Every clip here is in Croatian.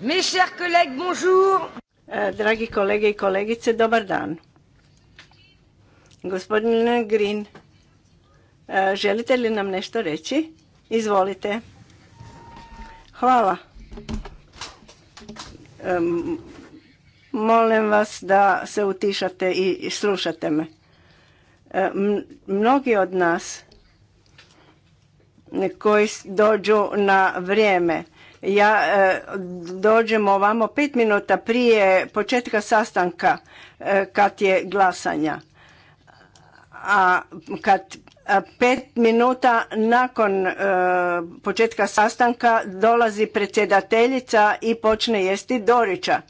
Mes e, Dragi kolege i kolegice, dobar dan. Gospodine Green, e, želite li nam nešto reći? Izvolite. Hvala. E, molim vas da se utišate i slušate me. Mnogi od nas koji dođu na vrijeme ja e, dođem ovamo pet minuta prije početka sastanka e, kad je glasanja. A kad pet minuta nakon e, početka sastanka dolazi predsjedateljica i počne jesti Dorića.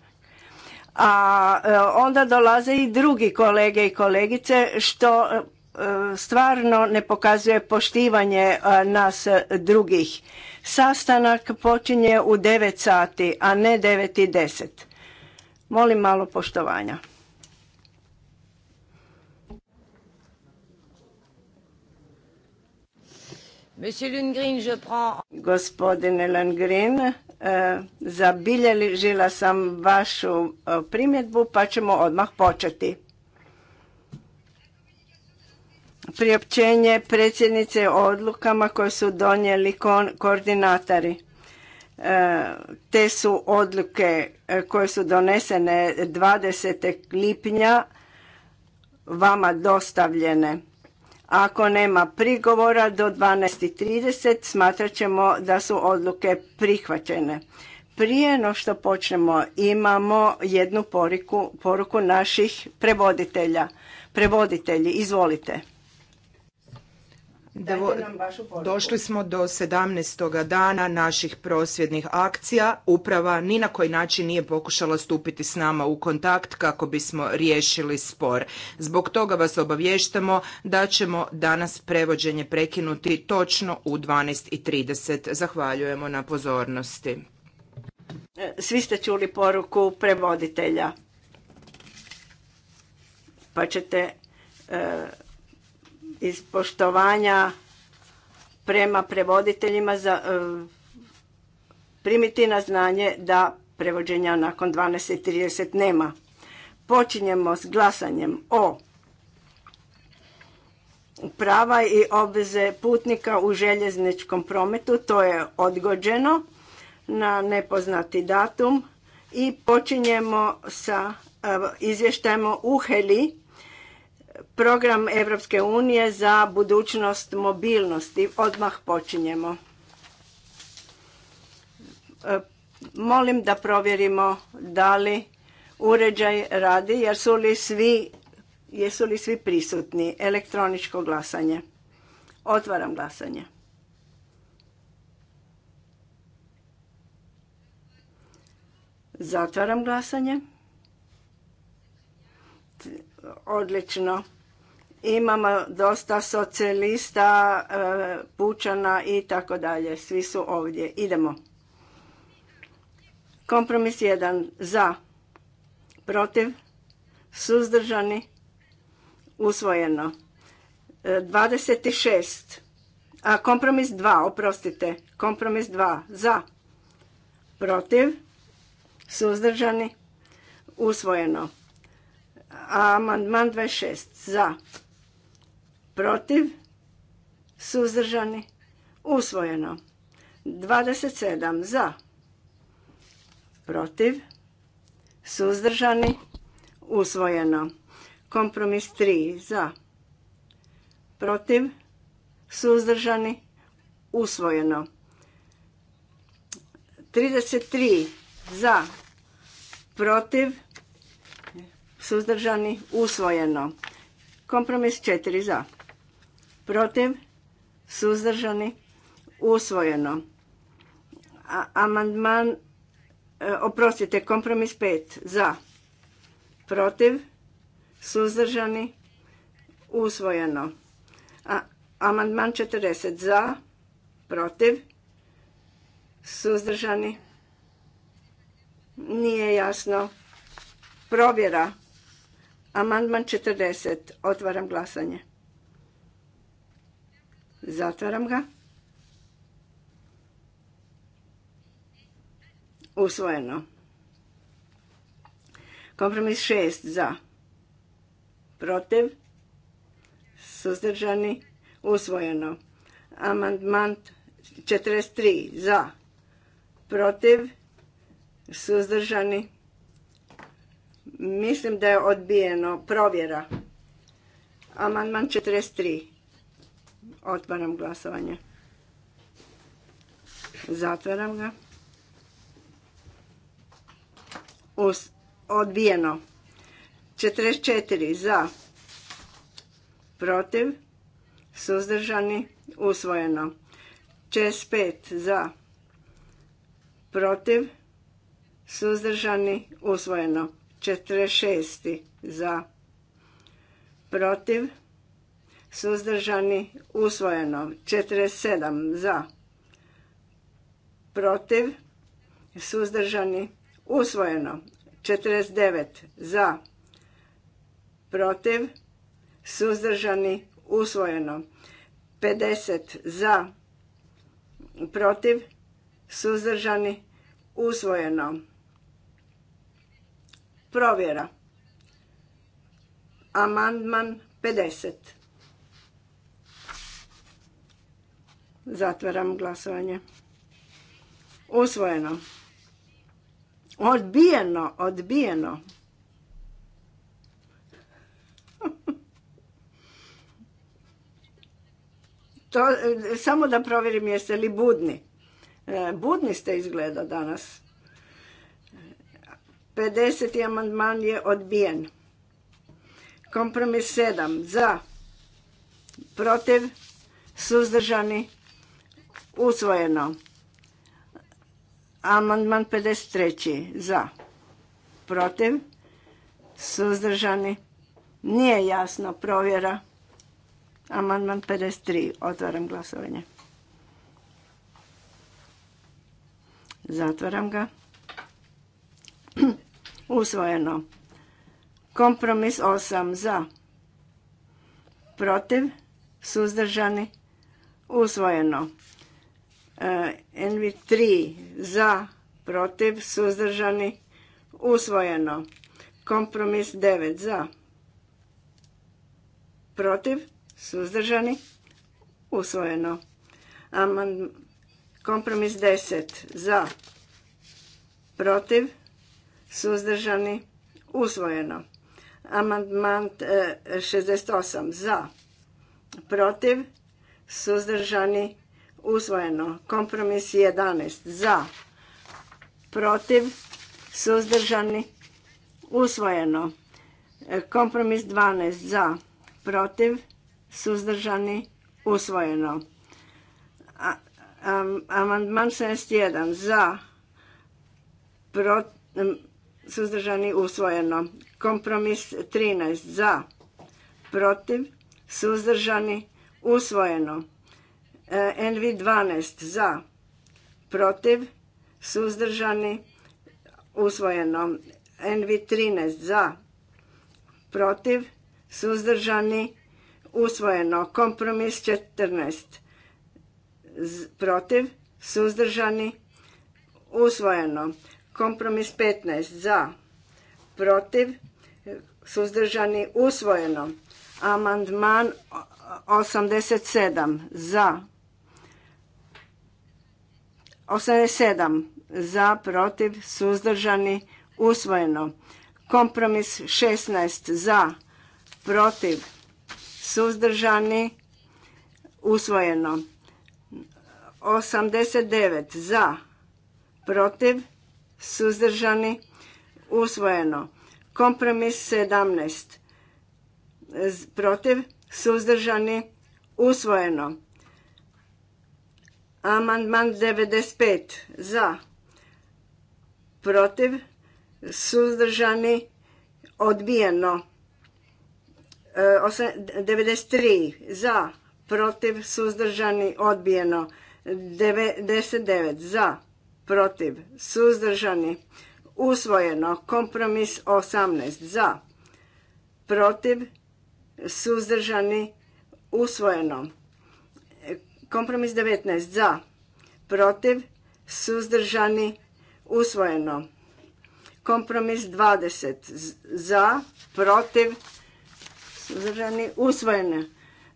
A onda dolaze i drugi kolege i kolegice što stvarno ne pokazuje poštivanje nas drugih. Sastanak počinje u 9 sati, a ne 9 i 10. Molim malo poštovanja. je Gospodine Lundgren, eh, zabilježila sam vašu eh, primjedbu pa ćemo odmah početi priopćenje predsjednice o odlukama koje su donijeli koordinatari. koordinatori. E, te su odluke e, koje su donesene 20. lipnja vama dostavljene. Ako nema prigovora do 12.30 smatrat ćemo da su odluke prihvaćene. Prije no što počnemo imamo jednu poruku, poruku naših prevoditelja. Prevoditelji, izvolite došli smo do 17. dana naših prosvjednih akcija. Uprava ni na koji način nije pokušala stupiti s nama u kontakt kako bismo riješili spor. Zbog toga vas obavještamo da ćemo danas prevođenje prekinuti točno u 12.30. Zahvaljujemo na pozornosti. E, svi ste čuli poruku prevoditelja. Pa ćete... E, iz poštovanja prema prevoditeljima za, e, primiti na znanje da prevođenja nakon 12.30 nema. Počinjemo s glasanjem o prava i obveze putnika u željezničkom prometu, to je odgođeno na nepoznati datum i počinjemo sa e, izvještajemo u Heli Program Europske unije za budućnost mobilnosti. Odmah počinjemo. E, molim da provjerimo da li uređaj radi, jer su li svi, jesu li svi prisutni. Elektroničko glasanje. Otvaram glasanje. Zatvaram glasanje odlično. Imamo dosta socijalista, e, pučana i tako dalje. Svi su ovdje. Idemo. Kompromis 1. Za. Protiv. Suzdržani. Usvojeno. 26. E, A kompromis 2, oprostite. Kompromis 2. Za. Protiv. Suzdržani. Usvojeno. Amandman 26 za, protiv, suzdržani, usvojeno. 27 za, protiv, suzdržani, usvojeno. Kompromis 3 za, protiv, suzdržani, usvojeno. 33 za, protiv, suzdržani, usvojeno. Kompromis 4 za, protiv, suzdržani, usvojeno. amandman, e, oprostite, kompromis 5 za, protiv, suzdržani, usvojeno. amandman 40 za, protiv, suzdržani, nije jasno. Provjera. Amandman 40. Otvaram glasanje. Zatvaram ga. Usvojeno. Kompromis 6 za. Protiv. Suzdržani. Usvojeno. Amandman 43 za. Protiv. Suzdržani. Mislim da je odbijeno. Provjera. Amandman 43. Otvaram glasovanje. Zatvaram ga. odbijeno. 44 za. Protiv. Suzdržani. Usvojeno. 45 za. Protiv. Suzdržani. Usvojeno. 46. za protiv suzdržani usvojeno 47 za protiv suzdržani usvojeno 49 za protiv suzdržani usvojeno 50 za protiv suzdržani usvojeno Provjera. Amandman 50. Zatvaram glasovanje. Usvojeno. Odbijeno, odbijeno. E, samo da provjerim jeste li budni. E, budni ste izgleda danas. 50. amandman je odbijen. Kompromis 7. Za. Protiv. Suzdržani. Usvojeno. Amandman 53. Za. Protiv. Suzdržani. Nije jasno provjera. Amandman 53. Otvaram glasovanje. Zatvaram ga. usvojeno. Kompromis 8 za, protiv, suzdržani, usvojeno. E, NV3 za, protiv, suzdržani, usvojeno. Kompromis 9 za, protiv, suzdržani, usvojeno. Kompromis 10 za, protiv, suzdržani, usvojeno. Amandman 68 e, za, protiv, suzdržani, usvojeno. Kompromis 11 za, protiv, suzdržani, usvojeno. E, kompromis 12 za, protiv, suzdržani, usvojeno. amandman 71 za, protiv, suzdržani usvojeno. Kompromis 13 za, protiv, suzdržani usvojeno. E, NV 12 za, protiv, suzdržani usvojeno. NV 13 za, protiv, suzdržani usvojeno. Kompromis 14 protiv, suzdržani usvojeno. Kompromis 15 za, protiv, suzdržani usvojeno. Amandman 87 za, 87 za, protiv, suzdržani usvojeno. Kompromis 16 za, protiv, suzdržani usvojeno. 89 za, protiv, suzdržani, usvojeno. Kompromis 17 protiv, suzdržani, usvojeno. Amandman 95 za, protiv, suzdržani, odbijeno. 93 e, za, protiv, suzdržani, odbijeno. 99 za, protiv, suzdržani, usvojeno. Kompromis 18 za, protiv, suzdržani, usvojeno. Kompromis 19 za, protiv, suzdržani, usvojeno. Kompromis 20 za, protiv, suzdržani, usvojeno.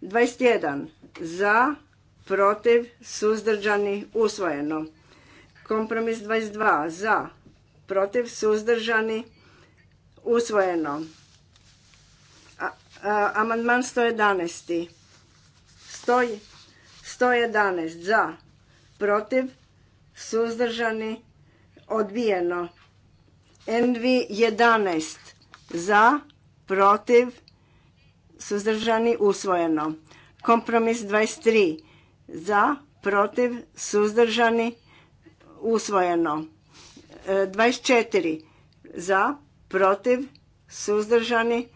21 za, protiv, suzdržani, usvojeno. Kompromis 22 za, protiv, suzdržani, usvojeno. amandman 111. 111 za, protiv, suzdržani, odbijeno. NV 11 za, protiv, suzdržani, usvojeno. Kompromis 23 za, protiv, suzdržani, usvojeno. 24 e, za, protiv, suzdržani,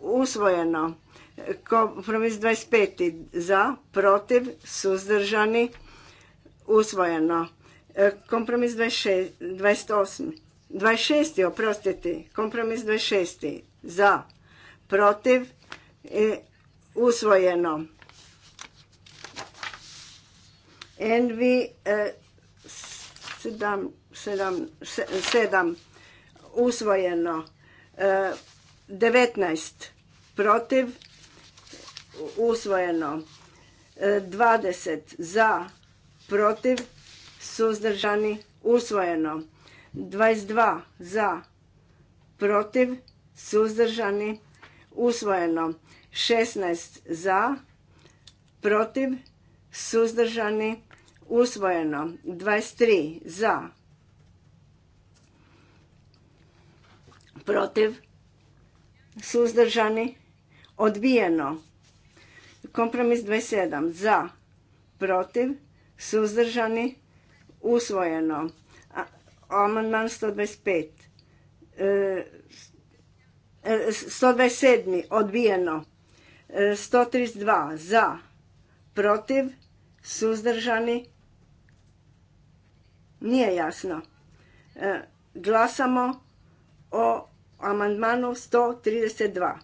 usvojeno. Kompromis 25 za, protiv, suzdržani, usvojeno. E, kompromis 26, 28, 26, oprostiti, kompromis 26 za, protiv, e, usvojeno. NV 7, usvojeno, 19 e, protiv, usvojeno, 20 e, za, protiv, suzdržani, usvojeno, 22 za, protiv, suzdržani, usvojeno, 16 za, protiv, suzdržani, usvojeno 23 za protiv suzdržani odbijeno kompromis 27 za protiv suzdržani usvojeno amandman 125 127 e, e, odbijeno 132 e, za protiv suzdržani nije jasno. E, glasamo o amandmanu 132.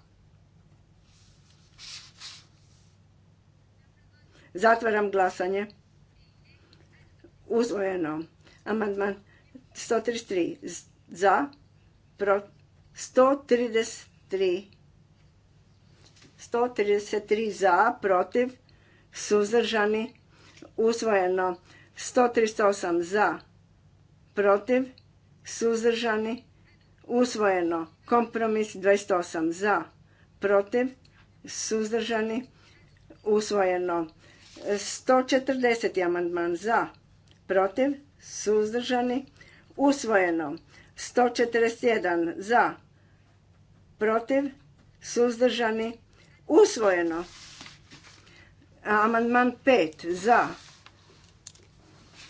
Zatvaram glasanje. Uzvojeno. Amandman 133. Za. 133. 133 za, protiv, suzdržani, uzvojeno 138 za, protiv, suzdržani, usvojeno. Kompromis 28 za, protiv, suzdržani, usvojeno. 140. amandman za, protiv, suzdržani, usvojeno. 141 za, protiv, suzdržani, usvojeno. Amandman 5 za,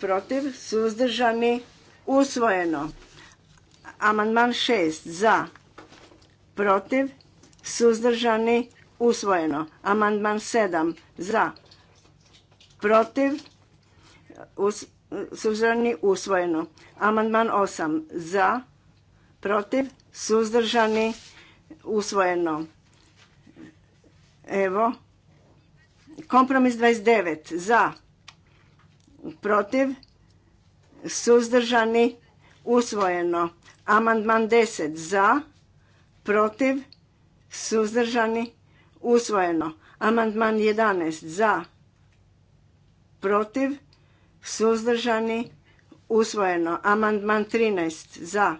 protiv, suzdržani, usvojeno. Amandman 6 za, protiv, suzdržani, usvojeno. Amandman 7 za, protiv, suzdržani, usvojeno. Amandman 8 za, protiv, suzdržani, usvojeno. Evo, kompromis 29 za, protiv, suzdržani, usvojeno. Amandman 10 za, protiv, suzdržani, usvojeno. Amandman 11 za, protiv, suzdržani, usvojeno. Amandman 13 za,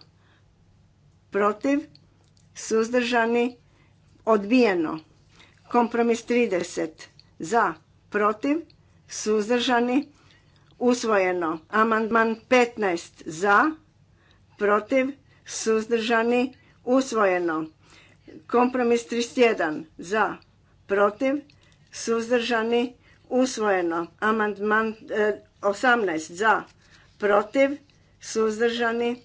protiv, suzdržani, odbijeno. Kompromis 30 za, protiv, suzdržani, usvojeno. Amandman 15 za, protiv, suzdržani, usvojeno. Kompromis 31 za, protiv, suzdržani, usvojeno. Amandman 18 e, za, protiv, suzdržani,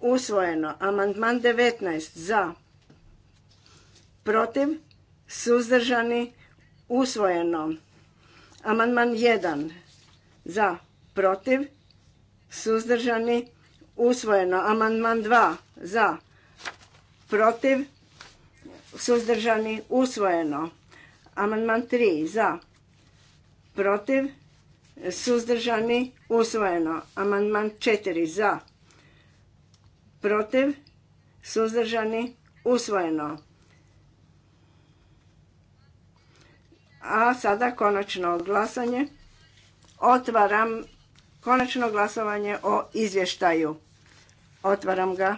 usvojeno. Amandman 19 za, protiv, suzdržani, usvojeno. Amandman 1 za, protiv, suzdržani, usvojeno. Amandman 2 za, protiv, suzdržani, usvojeno. Amandman 3 za, protiv, suzdržani, usvojeno. Amandman 4 za, protiv, suzdržani, usvojeno. A sada konačno glasanje. Otvaram Konačno glasovanje o izvještaju. Otvaram ga.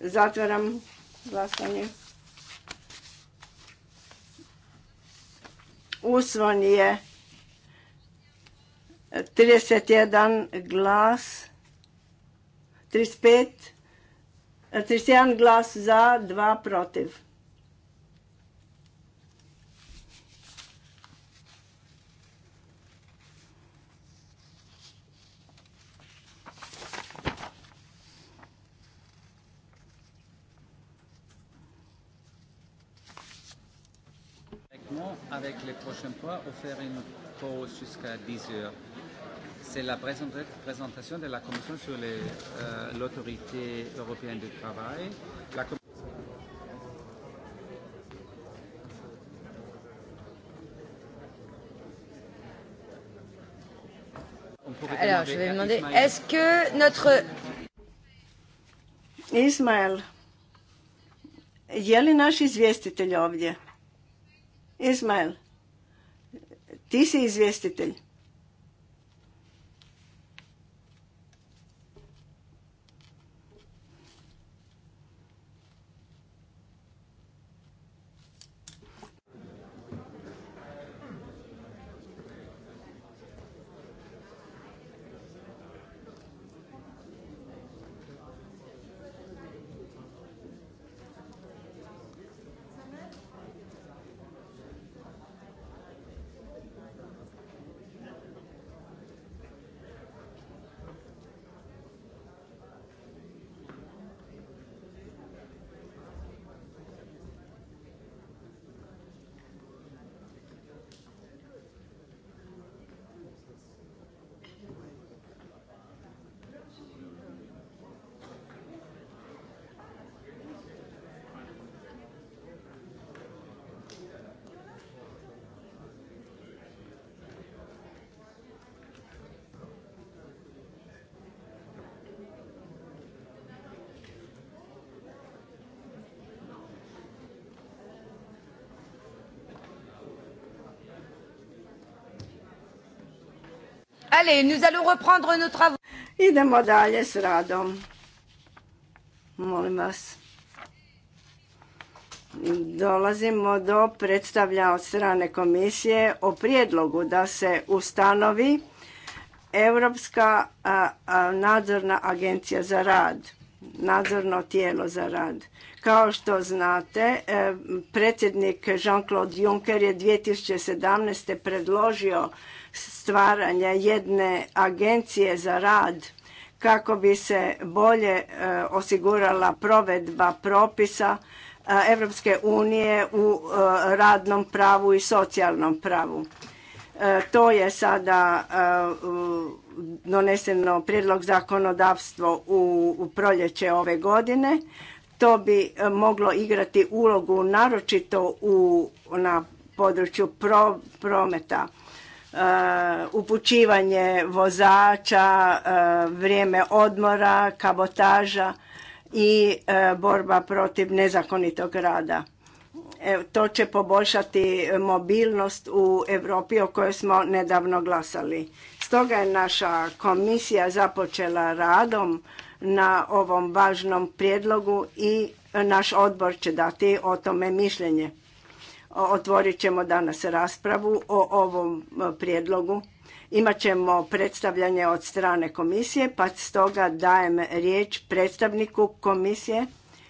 Zatvaram glasanje. Usvon je 31 glas, 35, 31 glas za, 2 protiv. avec les prochains points, offert une pause jusqu'à 10 heures. C'est la présentation de la Commission sur euh, l'autorité euh, européenne du travail. La Alors, je vais demander, est-ce que notre... Ismaël, je li naš Ismail, ti si izvjestitelj. Allez, nous allons reprendre Idemo dalje s radom. Molim vas. Dolazimo do predstavlja od strane komisije o prijedlogu da se ustanovi Europska nadzorna agencija za rad, nadzorno tijelo za rad. Kao što znate, e, predsjednik Jean-Claude Juncker je 2017. predložio stvaranje jedne agencije za rad kako bi se bolje e, osigurala provedba propisa Europske unije u e, radnom pravu i socijalnom pravu. To je sada doneseno prijedlog zakonodavstvo u proljeće ove godine, to bi e, moglo igrati ulogu naročito u, na području prometa. E, upućivanje vozača, e, vrijeme odmora, kabotaža i borba protiv nezakonitog rada. to će poboljšati mobilnost u Europi o kojoj smo nedavno glasali. Stoga je naša komisija započela radom na ovom važnom prijedlogu i naš odbor će dati o tome mišljenje. Otvorit ćemo danas raspravu o ovom e, prijedlogu. ćemo predstavljanje od strane komisije, pa stoga dajem riječ predstavniku komisije,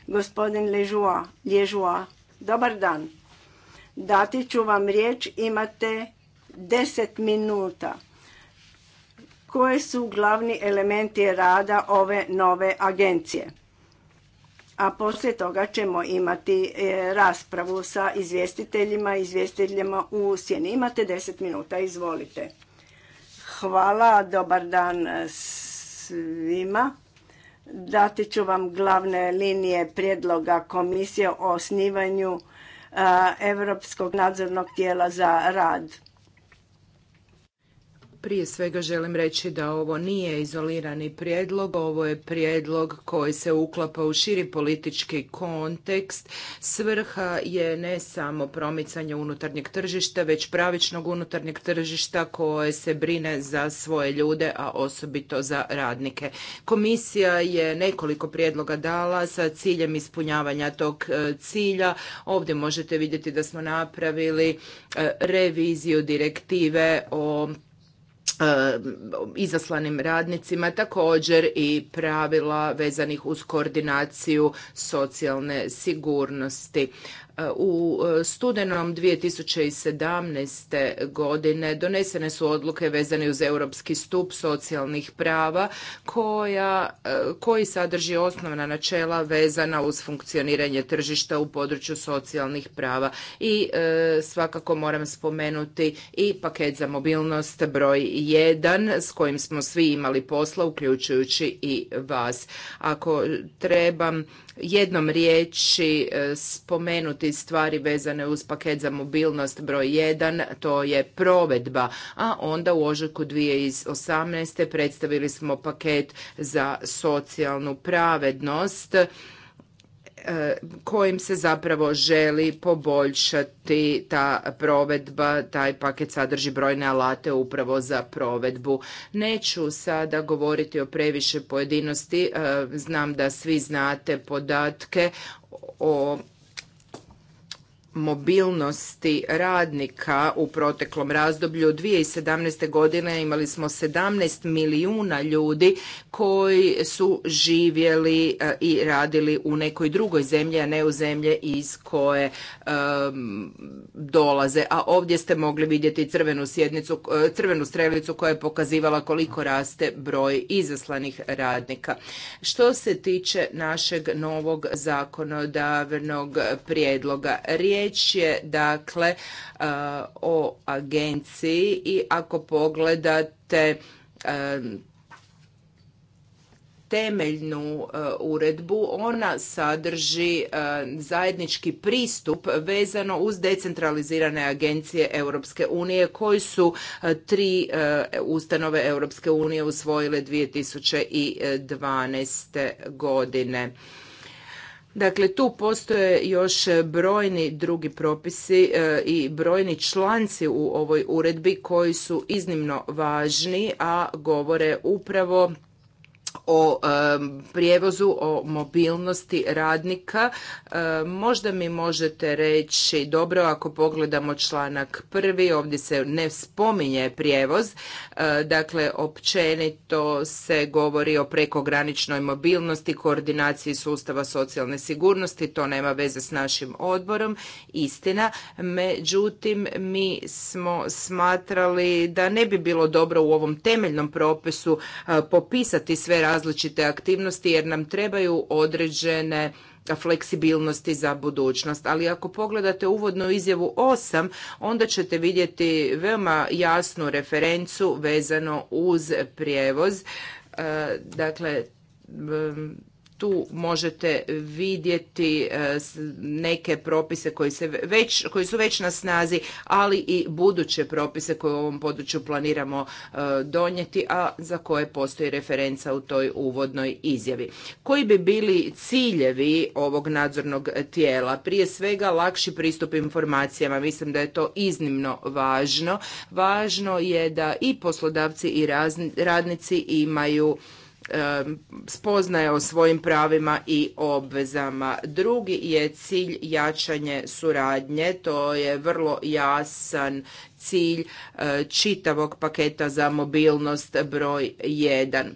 gospodin Ležua. Lježua. Dobar dan. Dati ću vam riječ, imate deset minuta koje su glavni elementi rada ove nove agencije. A poslije toga ćemo imati e, raspravu sa izvjestiteljima i izvjestiteljima u sjeni. Imate 10 minuta, izvolite. Hvala, dobar dan svima. Dati ću vam glavne linije prijedloga komisije o osnivanju e, Europskog nadzornog tijela za rad prije svega želim reći da ovo nije izolirani prijedlog, ovo je prijedlog koji se uklapa u širi politički kontekst. Svrha je ne samo promicanje unutarnjeg tržišta, već pravičnog unutarnjeg tržišta koje se brine za svoje ljude, a osobito za radnike. Komisija je nekoliko prijedloga dala sa ciljem ispunjavanja tog e, cilja. Ovdje možete vidjeti da smo napravili e, reviziju direktive o izaslanim radnicima, također i pravila vezanih uz koordinaciju socijalne sigurnosti. U e, studenom 2017. godine donesene su odluke vezane uz europski stup socijalnih prava koja, e, koji sadrži osnovna načela vezana uz funkcioniranje tržišta u području socijalnih prava i e, svakako moram spomenuti i paket za mobilnost broj 1 s kojim smo svi imali posla uključujući i vas. Ako trebam jednom riječi spomenuti stvari vezane uz paket za mobilnost broj 1, to je provedba, a onda u ožujku 2018. predstavili smo paket za socijalnu pravednost e, kojim se zapravo želi poboljšati ta provedba, taj paket sadrži brojne alate upravo za provedbu. Neću sada govoriti o previše pojedinosti, e, znam da svi znate podatke o mobilnosti radnika u proteklom razdoblju 2017. godine imali smo 17 milijuna ljudi koji su živjeli eh, i radili u nekoj drugoj zemlji, a ne u zemlje iz koje ehm, dolaze. A ovdje ste mogli vidjeti crvenu, sjednicu, eh, crvenu strelicu koja je pokazivala koliko raste broj izaslanih radnika. Što se tiče našeg novog zakonodavnog prijedloga, riječ Riječ je dakle e, o agenciji i ako pogledate e, temeljnu e, uredbu ona sadrži zajednički pristup vezano uz decentralizirane agencije Europske unije koji su tri ustanove Europske unije usvojile 2012. godine Dakle, tu postoje još brojni drugi propisi e, i brojni članci u ovoj uredbi koji su iznimno važni, a govore upravo o prijevozu, o mobilnosti radnika. možda mi možete reći, dobro, ako pogledamo članak prvi, ovdje se ne spominje prijevoz, e, dakle, općenito se govori o prekograničnoj mobilnosti, koordinaciji sustava socijalne sigurnosti, to nema veze s našim odborom, istina. Međutim, mi smo smatrali da ne bi bilo dobro u ovom temeljnom propisu e, popisati sve različite aktivnosti jer nam trebaju određene fleksibilnosti za budućnost. Ali ako pogledate uvodnu izjavu 8, onda ćete vidjeti veoma jasnu referencu vezano uz prijevoz. E, dakle, tu možete vidjeti e, neke propise koji, se već, koji su već na snazi, ali i buduće propise koje u ovom području planiramo e, donijeti, a za koje postoji referenca u toj uvodnoj izjavi. Koji bi bili ciljevi ovog nadzornog tijela? Prije svega lakši pristup informacijama. Mislim da je to iznimno važno. Važno je da i poslodavci i radnici imaju spoznaje o svojim pravima i obvezama. Drugi je cilj jačanje suradnje, to je vrlo jasan cilj eh, čitavog paketa za mobilnost broj 1.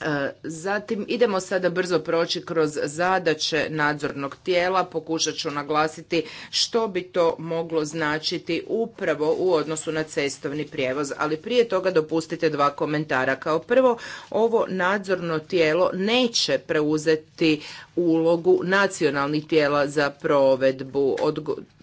E, zatim idemo sada brzo proći kroz zadaće nadzornog tijela, pokušat ću naglasiti što bi to moglo značiti upravo u odnosu na cestovni prijevoz, ali prije toga dopustite dva komentara. Kao prvo, ovo nadzorno tijelo neće preuzeti ulogu nacionalnih tijela za provedbu.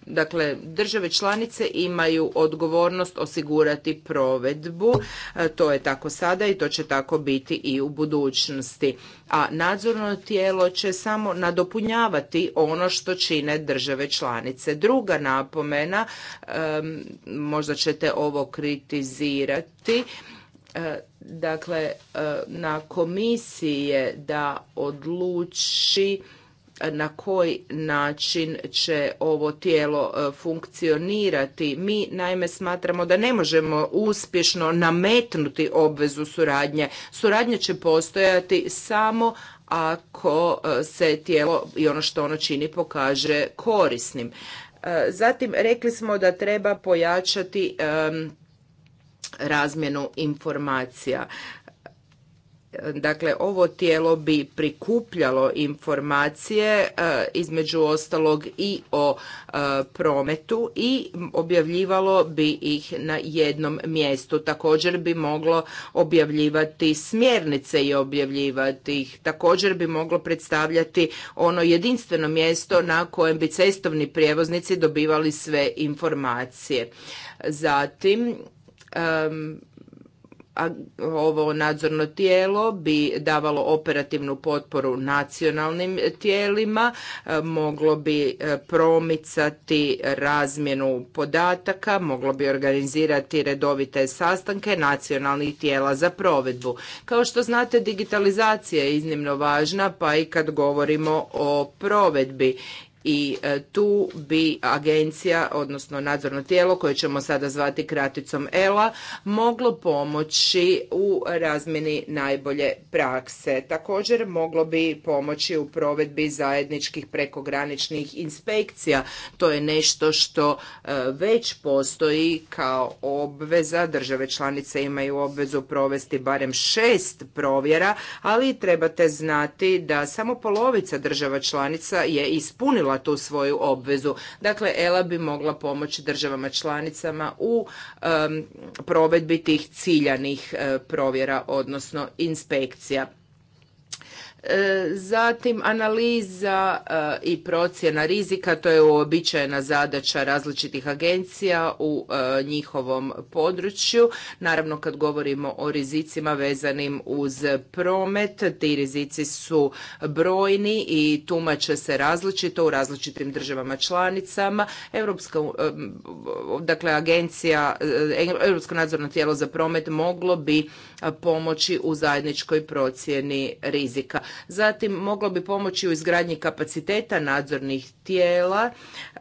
Dakle, države članice imaju odgovornost osigurati provedbu, e, to je tako sada i to će tako biti i u budućnosti. A nadzorno tijelo će samo nadopunjavati ono što čine države članice. Druga napomena, možda ćete ovo kritizirati, e, dakle, e, na komisiji je da odluči na koji način će ovo tijelo e, funkcionirati. Mi naime smatramo da ne možemo uspješno nametnuti obvezu suradnje. Suradnja će postojati samo ako e, se tijelo i ono što ono čini pokaže korisnim. E, zatim rekli smo da treba pojačati razmjenu informacija. Dakle, ovo tijelo bi prikupljalo informacije e, između ostalog i o e, prometu i objavljivalo bi ih na jednom mjestu. Također bi moglo objavljivati smjernice i objavljivati ih. Također bi moglo predstavljati ono jedinstveno mjesto na kojem bi cestovni prijevoznici dobivali sve informacije. Zatim, ovo nadzorno tijelo bi davalo operativnu potporu nacionalnim tijelima, e, moglo bi e, promicati razmjenu podataka, moglo bi organizirati redovite sastanke nacionalnih tijela za provedbu. Kao što znate, digitalizacija je iznimno važna, pa i kad govorimo o provedbi i e, tu bi agencija, odnosno nadzorno tijelo koje ćemo sada zvati kraticom ELA, moglo pomoći u razmjeni najbolje prakse. Također moglo bi pomoći u provedbi zajedničkih prekograničnih inspekcija. To je nešto što e, već postoji kao obveza. Države članice imaju obvezu provesti barem šest provjera, ali trebate znati da samo polovica država članica je ispunila ispunila tu svoju obvezu. Dakle, ELA bi mogla pomoći državama članicama u provedbi tih ciljanih eh, provjera, odnosno inspekcija. E, zatim analiza e, i procjena rizika, to je uobičajena zadaća različitih agencija u e, njihovom području. Naravno kad govorimo o rizicima vezanim uz promet, ti rizici su brojni i tumače se različito u različitim državama članicama. Europska, dakle agencija, Europsko nadzorno tijelo za promet moglo bi pomoći u zajedničkoj procjeni rizika. Zatim moglo bi pomoći u izgradnji kapaciteta nadzornih tijela. E,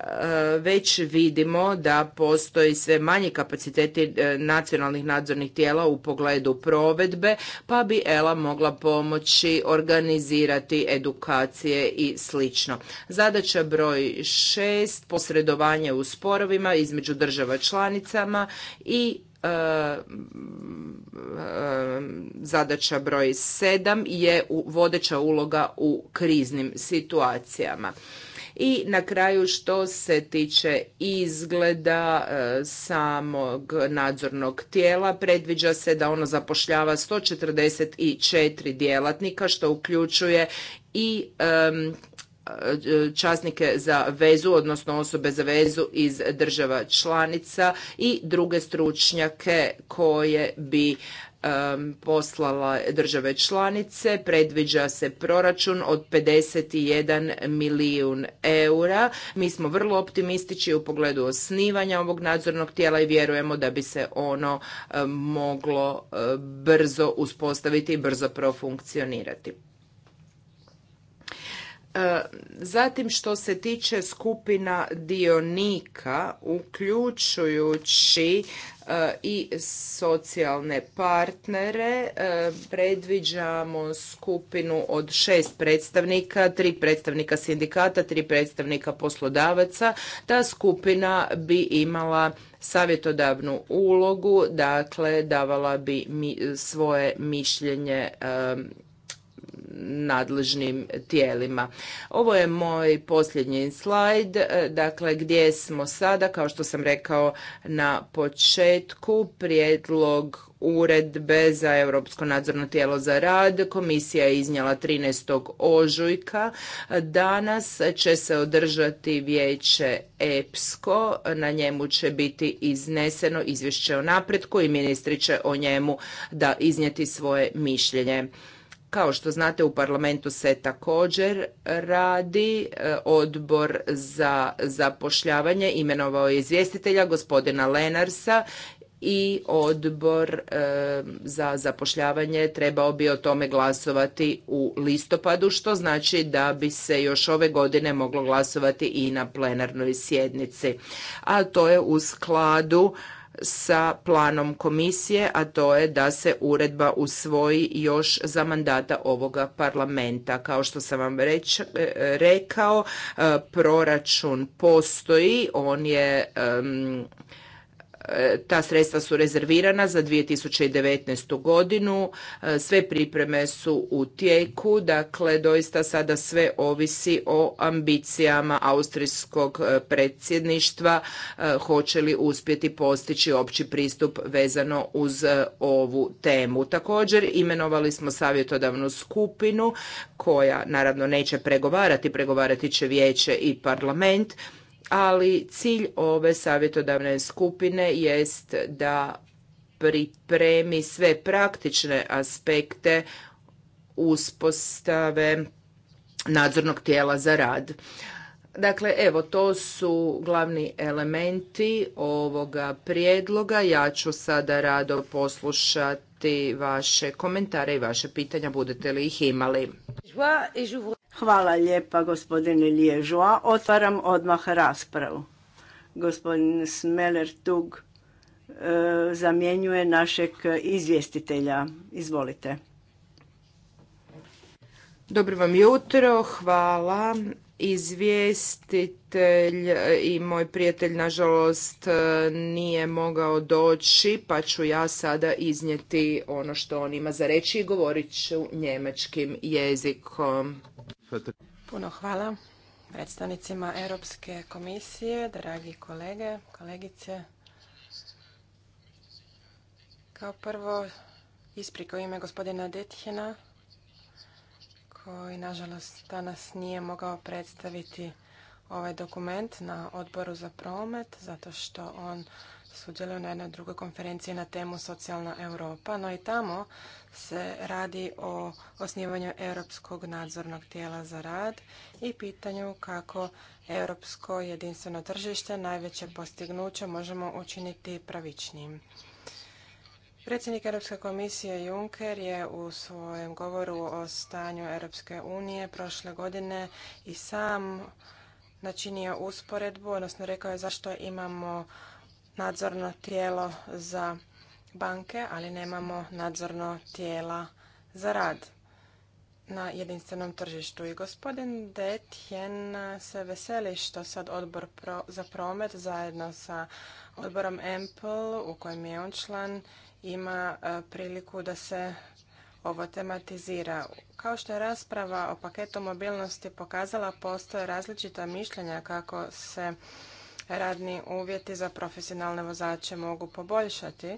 već vidimo da postoji sve manji kapaciteti e, nacionalnih nadzornih tijela u pogledu provedbe, pa bi ELA mogla pomoći organizirati edukacije i slično. Zadaća broj šest, posredovanje u sporovima između država članicama i E, e, zadaća broj 7 je vodeća uloga u kriznim situacijama. I na kraju što se tiče izgleda e, samog nadzornog tijela, predviđa se da ono zapošljava 144 djelatnika što uključuje i časnike za vezu, odnosno osobe za vezu iz država članica i druge stručnjake koje bi poslala države članice. Predviđa se proračun od 51 milijun eura. Mi smo vrlo optimistični u pogledu osnivanja ovog nadzornog tijela i vjerujemo da bi se ono moglo brzo uspostaviti i brzo profunkcionirati. E, zatim što se tiče skupina dionika, uključujući e, i socijalne partnere. E, predviđamo skupinu od šest predstavnika, tri predstavnika sindikata, tri predstavnika poslodavaca. Ta skupina bi imala savjetodavnu ulogu, dakle davala bi svoje mišljenje nadležnim tijelima. Ovo je moj posljednji slajd, e, dakle gdje smo sada, kao što sam rekao na početku, prijedlog uredbe za Europsko nadzorno tijelo za rad. Komisija je iznjela 13. ožujka. Danas će se održati vijeće EPSKO. Na njemu će biti izneseno izvješće o napretku i ministri će o njemu da iznijeti svoje mišljenje. Kao što znate u parlamentu se također radi e, odbor za zapošljavanje imenovao je izvjestitelja gospodina Lenarsa i odbor e, za zapošljavanje trebao bi o tome glasovati u listopadu, što znači da bi se još ove godine moglo glasovati i na plenarnoj sjednici. A to je u skladu sa planom komisije, a to je da se uredba usvoji još za mandata ovoga parlamenta. Kao što sam vam e, rekao, e, proračun postoji, on je ta sredstva su rezervirana za 2019. godinu, e, sve pripreme su u tijeku, dakle doista sada sve ovisi o ambicijama austrijskog e, predsjedništva, e, hoće li uspjeti postići opći pristup vezano uz ovu temu. Također imenovali smo savjetodavnu skupinu koja naravno neće pregovarati, pregovarati će vijeće i parlament, ali cilj ove savjetodavne skupine jest da pripremi sve praktične aspekte uspostave nadzornog tijela za rad. Dakle, evo, to su glavni elementi ovoga prijedloga. Ja ću sada rado poslušati vaše komentare i vaše pitanja, budete li ih imali. Hvala lijepa gospodine Liježoa. Otvaram odmah raspravu. Gospodin Smeler Tug e, zamjenjuje našeg izvjestitelja. Izvolite. Dobro vam jutro, hvala. Izvjestitelj i moj prijatelj nažalost nije mogao doći, pa ću ja sada iznijeti ono što on ima za reći i govorit ću njemačkim jezikom. Puno hvala predstavnicima Europske komisije, dragi kolege, kolegice. Kao prvo ispriko ime gospodina Detjena koji nažalost danas nije mogao predstaviti ovaj dokument na odboru za promet zato što on sudjeluju na jednoj drugoj konferenciji na temu Socijalna Europa, no i tamo se radi o osnivanju Europskog nadzornog tijela za rad i pitanju kako europsko jedinstveno tržište najveće postignuće možemo učiniti pravičnijim. Predsjednik Europske komisije Juncker je u svojem govoru o stanju Europske unije prošle godine i sam načinio usporedbu, odnosno rekao je zašto imamo nadzorno tijelo za banke, ali nemamo nadzorno tijela za rad na jedinstvenom tržištu. I gospodin Detjen se veseli što sad odbor za promet zajedno sa odborom EMPL, u kojem je on član, ima e, priliku da se ovo tematizira. Kao što je rasprava o paketu mobilnosti pokazala, postoje različita mišljenja kako se radni uvjeti za profesionalne vozače mogu poboljšati,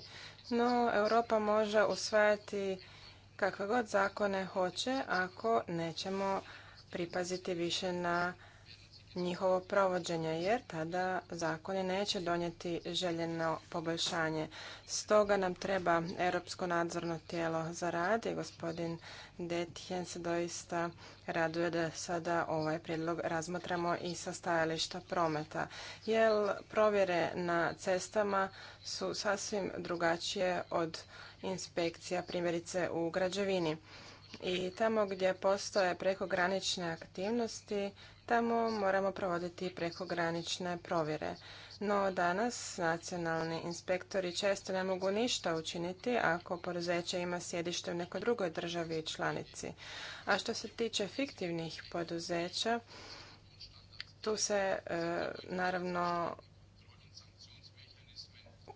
no Europa može usvajati kakve god zakone hoće ako nećemo pripaziti više na njihovo provođenje, jer tada zakoni neće donijeti željeno poboljšanje. Stoga nam treba Europsko nadzorno tijelo za rad i gospodin Detjen se doista raduje da sada ovaj prijedlog razmatramo i sa stajališta prometa, jer provjere na cestama su sasvim drugačije od inspekcija, primjerice u građevini. I tamo gdje postoje prekogranične aktivnosti, tamo moramo provoditi prekogranične provjere. No danas nacionalni inspektori često ne mogu ništa učiniti ako poduzeće ima sjedište u nekoj drugoj državi članici. A što se tiče fiktivnih poduzeća, tu se e, naravno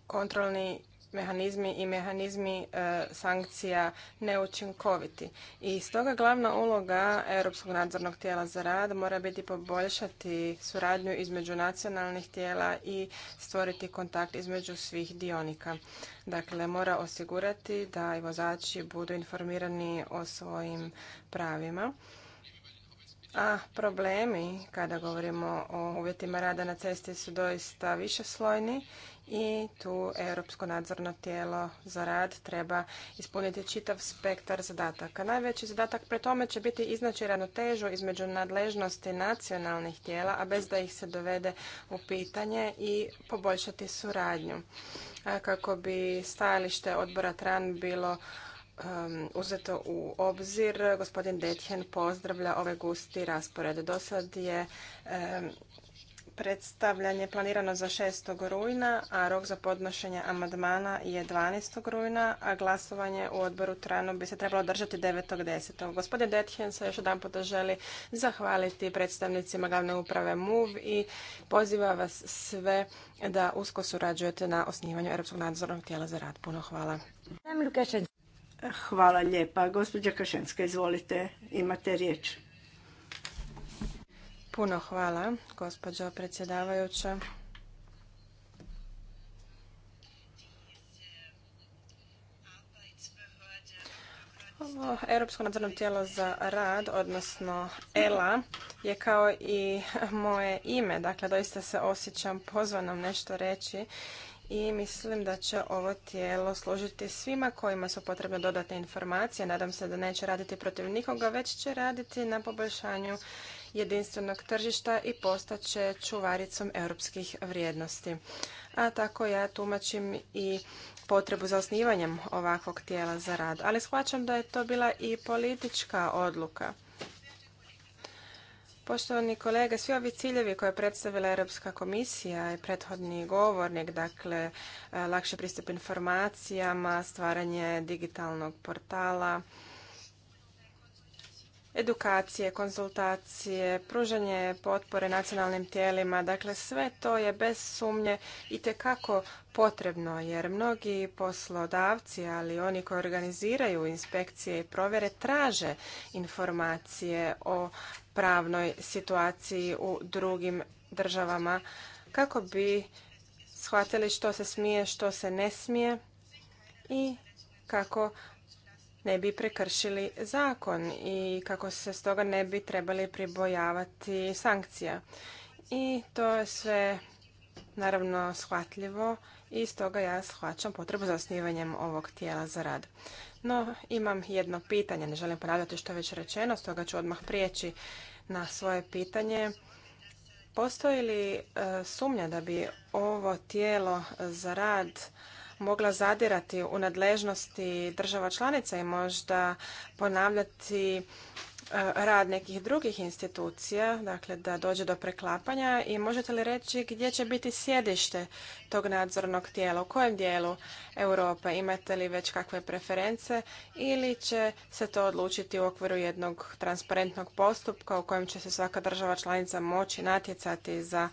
kontrolni mehanizmi i mehanizmi e, sankcija neučinkoviti. I stoga glavna uloga Europskog nadzornog tijela za rad mora biti poboljšati suradnju između nacionalnih tijela i stvoriti kontakt između svih dionika. Dakle, mora osigurati da i vozači budu informirani o svojim pravima. A problemi kada govorimo o uvjetima rada na cesti su doista višeslojni i tu Europsko nadzorno tijelo za rad treba ispuniti čitav spektar zadataka. Najveći zadatak pre tome će biti iznaći ravnotežu između nadležnosti nacionalnih tijela, a bez da ih se dovede u pitanje i poboljšati suradnju. Kako bi stajalište odbora TRAN bilo um, uzeto u obzir. Gospodin Detjen pozdravlja ove ovaj gusti raspored. Do je um, Predstavljanje planirano za 6. rujna, a rok za podnošenje amandmana je 12. rujna, a glasovanje u odboru trajno bi se trebalo držati 9.10. Gospodin Detjen se još jedan puta želi zahvaliti predstavnicima glavne uprave MUV i poziva vas sve da usko surađujete na osnivanju Europskog nadzornog tijela za rad. Puno hvala. Hvala lijepa. Gospođa Kašenska, izvolite, imate riječ. Puno hvala, gospođo predsjedavajuća. Ovo Europsko nadzorno tijelo za rad, odnosno ELA, je kao i moje ime. Dakle, doista se osjećam pozvanom nešto reći i mislim da će ovo tijelo služiti svima kojima su potrebne dodatne informacije. Nadam se da neće raditi protiv nikoga, već će raditi na poboljšanju jedinstvenog tržišta i postaće čuvaricom europskih vrijednosti. A tako ja tumačim i potrebu za osnivanjem ovakvog tijela za rad. Ali shvaćam da je to bila i politička odluka. Poštovani kolege, svi ovi ciljevi koje je predstavila Europska komisija i prethodni govornik, dakle lakši pristup informacijama, stvaranje digitalnog portala, edukacije, konzultacije, pružanje potpore nacionalnim tijelima, dakle sve to je bez sumnje i tekako potrebno jer mnogi poslodavci, ali oni koji organiziraju inspekcije i provjere traže informacije o pravnoj situaciji u drugim državama kako bi shvatili što se smije, što se ne smije i kako ne bi prekršili zakon i kako se stoga ne bi trebali pribojavati sankcija. I to je sve naravno shvatljivo i stoga ja shvaćam potrebu za osnivanjem ovog tijela za rad. No, imam jedno pitanje, ne želim ponavljati što je već rečeno, stoga ću odmah prijeći na svoje pitanje. Postoji li e, sumnja da bi ovo tijelo za rad mogla zadirati u nadležnosti država članica i možda ponavljati e, rad nekih drugih institucija, dakle da dođe do preklapanja i možete li reći gdje će biti sjedište tog nadzornog tijela, u kojem dijelu Europe, imate li već kakve preference ili će se to odlučiti u okviru jednog transparentnog postupka u kojem će se svaka država članica moći natjecati za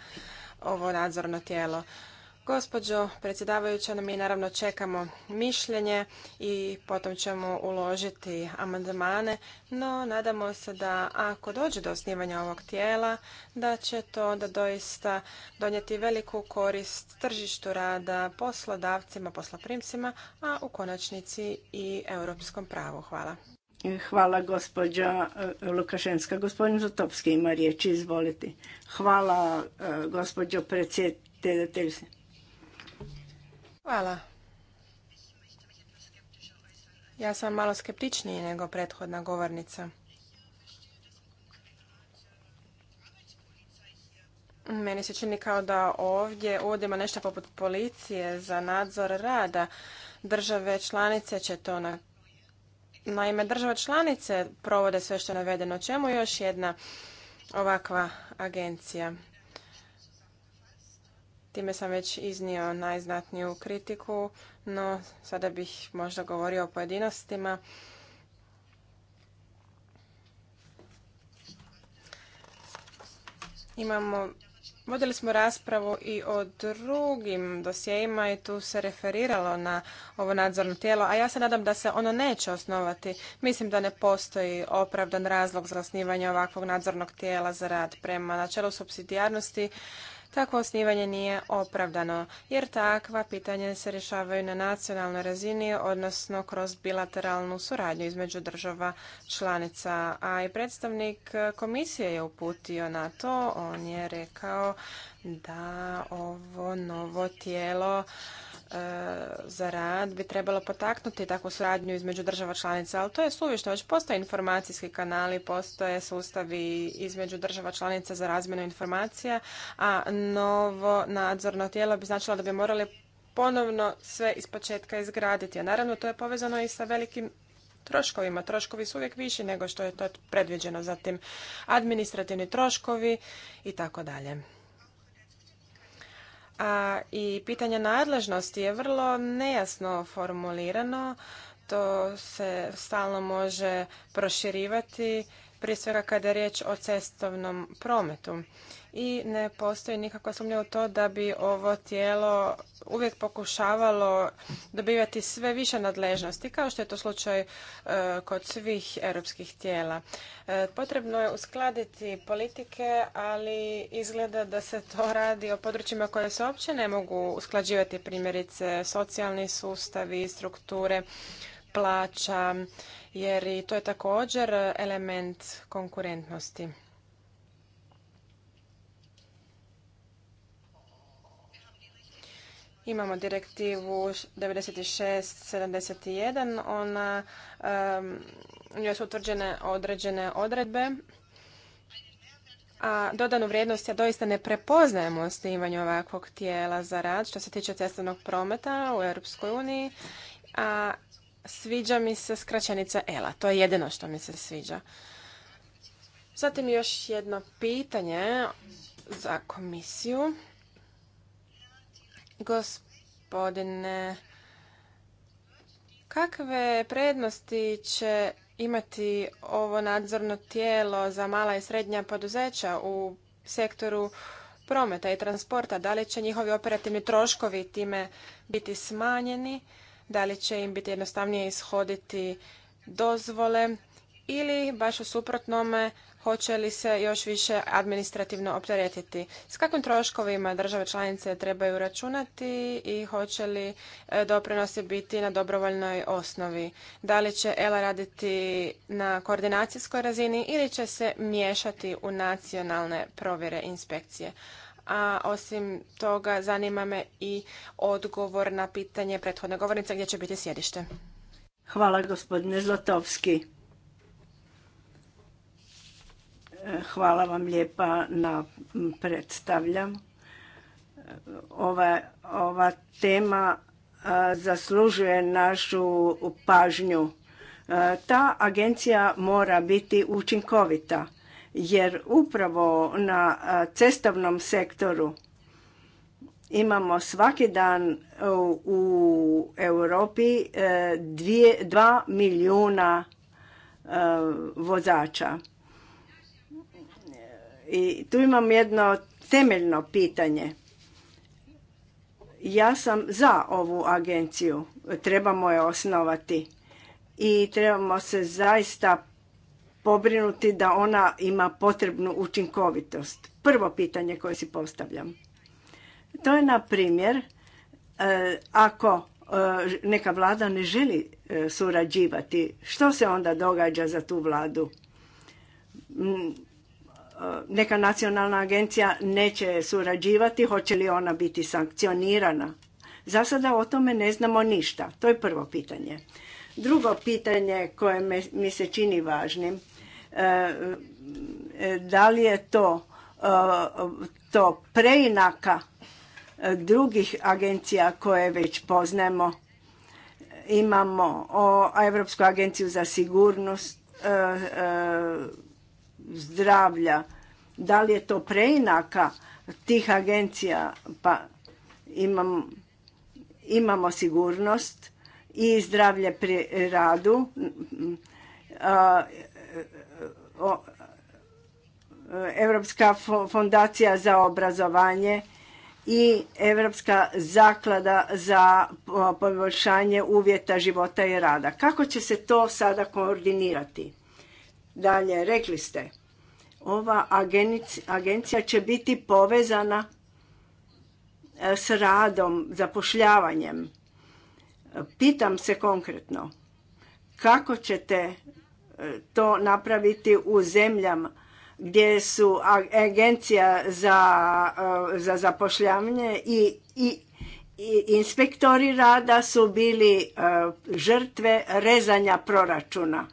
ovo nadzorno tijelo. Gospođo predsjedavajuća, mi naravno čekamo mišljenje i potom ćemo uložiti amandmane, no nadamo se da ako dođe do osnivanja ovog tijela, da će to onda doista donijeti veliku korist tržištu rada, poslodavcima, posloprimcima, a u konačnici i europskom pravu. Hvala. Hvala gospođa e, Lukašenska. Gospodin Zotopski ima riječ, izvolite. Hvala e, gospođo predsjedateljice. Hvala. Ja sam malo skeptičniji nego prethodna govornica. Meni se čini kao da ovdje uvodimo nešto poput policije za nadzor rada. Države članice će to Naime, države članice provode sve što je navedeno. Čemu još jedna ovakva agencija? Time sam već iznio najznatniju kritiku, no sada bih možda govorio o pojedinostima. Imamo, vodili smo raspravu i o drugim dosjejima i tu se referiralo na ovo nadzorno tijelo, a ja se nadam da se ono neće osnovati. Mislim da ne postoji opravdan razlog za osnivanje ovakvog nadzornog tijela za rad prema načelu subsidijarnosti. Takvo osnivanje nije opravdano, jer takva pitanja se rješavaju na nacionalnoj razini, odnosno kroz bilateralnu suradnju između država članica. A i predstavnik komisije je uputio na to, on je rekao da ovo novo tijelo E, za rad bi trebalo potaknuti takvu suradnju između država članica, ali to je suvišno. Već postoje informacijski kanali, postoje sustavi između država članica za razmjenu informacija, a novo nadzorno tijelo bi značilo da bi morali ponovno sve početka izgraditi. A naravno to je povezano i sa velikim troškovima. Troškovi su uvijek viši nego što je to predviđeno. Zatim administrativni troškovi i tako dalje a i pitanje nadležnosti je vrlo nejasno formulirano. To se stalno može proširivati prije svega kada je riječ o cestovnom prometu. I ne postoji nikakva sumnja u to da bi ovo tijelo uvijek pokušavalo dobivati sve više nadležnosti, kao što je to slučaj e, kod svih europskih tijela. E, potrebno je uskladiti politike, ali izgleda da se to radi o područjima koje se uopće ne mogu usklađivati, primjerice socijalni sustavi, strukture plaća jer i to je također element konkurentnosti. Imamo direktivu 96.71, ona je njoj su utvrđene određene odredbe, a dodanu vrijednost ja doista ne prepoznajemo osnivanju ovakvog tijela za rad što se tiče cestovnog prometa u Europskoj uniji, a sviđa mi se skraćenica ELA. To je jedino što mi se sviđa. Zatim još jedno pitanje za komisiju. Gospodine, kakve prednosti će imati ovo nadzorno tijelo za mala i srednja poduzeća u sektoru prometa i transporta? Da li će njihovi operativni troškovi time biti smanjeni? da li će im biti jednostavnije ishoditi dozvole ili baš u suprotnome hoće li se još više administrativno opteretiti. S kakvim troškovima države članice trebaju računati i hoće li e, doprinosi biti na dobrovoljnoj osnovi? Da li će ELA raditi na koordinacijskoj razini ili će se miješati u nacionalne provjere inspekcije? a osim toga zanima me i odgovor na pitanje prethodne govornice gdje će biti sjedište. Hvala gospodine Zlatovski. E, hvala vam lijepa na predstavljam. E, ova, ova tema e, zaslužuje našu pažnju. Ta agencija mora biti učinkovita jer upravo na cestovnom sektoru imamo svaki dan e, u Europi e, dva milijuna e, vozača. I tu imam jedno temeljno pitanje. Ja sam za ovu agenciju, trebamo je osnovati i trebamo se zaista pobrinuti da ona ima potrebnu učinkovitost? Prvo pitanje koje si postavljam. To je, na primjer, e, ako e, neka vlada ne želi e, surađivati, što se onda događa za tu vladu? Mm, neka nacionalna agencija neće surađivati, hoće li ona biti sankcionirana? Za sada o tome ne znamo ništa. To je prvo pitanje. Drugo pitanje koje mi se čini važnim da li je to, e, to preinaka e, drugih agencija koje već poznajemo? Imamo o Europsku agenciju za sigurnost e, zdravlja. Da li je to preinaka tih agencija? Pa imam, imamo sigurnost i zdravlje pri radu. Europska fondacija za obrazovanje i Europska zaklada za poboljšanje uvjeta života i rada. Kako će se to sada koordinirati? Dalje, rekli ste, ova agencija će biti povezana e, s radom, zapošljavanjem. Pitam se konkretno, kako ćete to napraviti u zemljama gdje su agencija za, e, zapošljavanje i, i, inspektori rada su bili e, žrtve rezanja proračuna.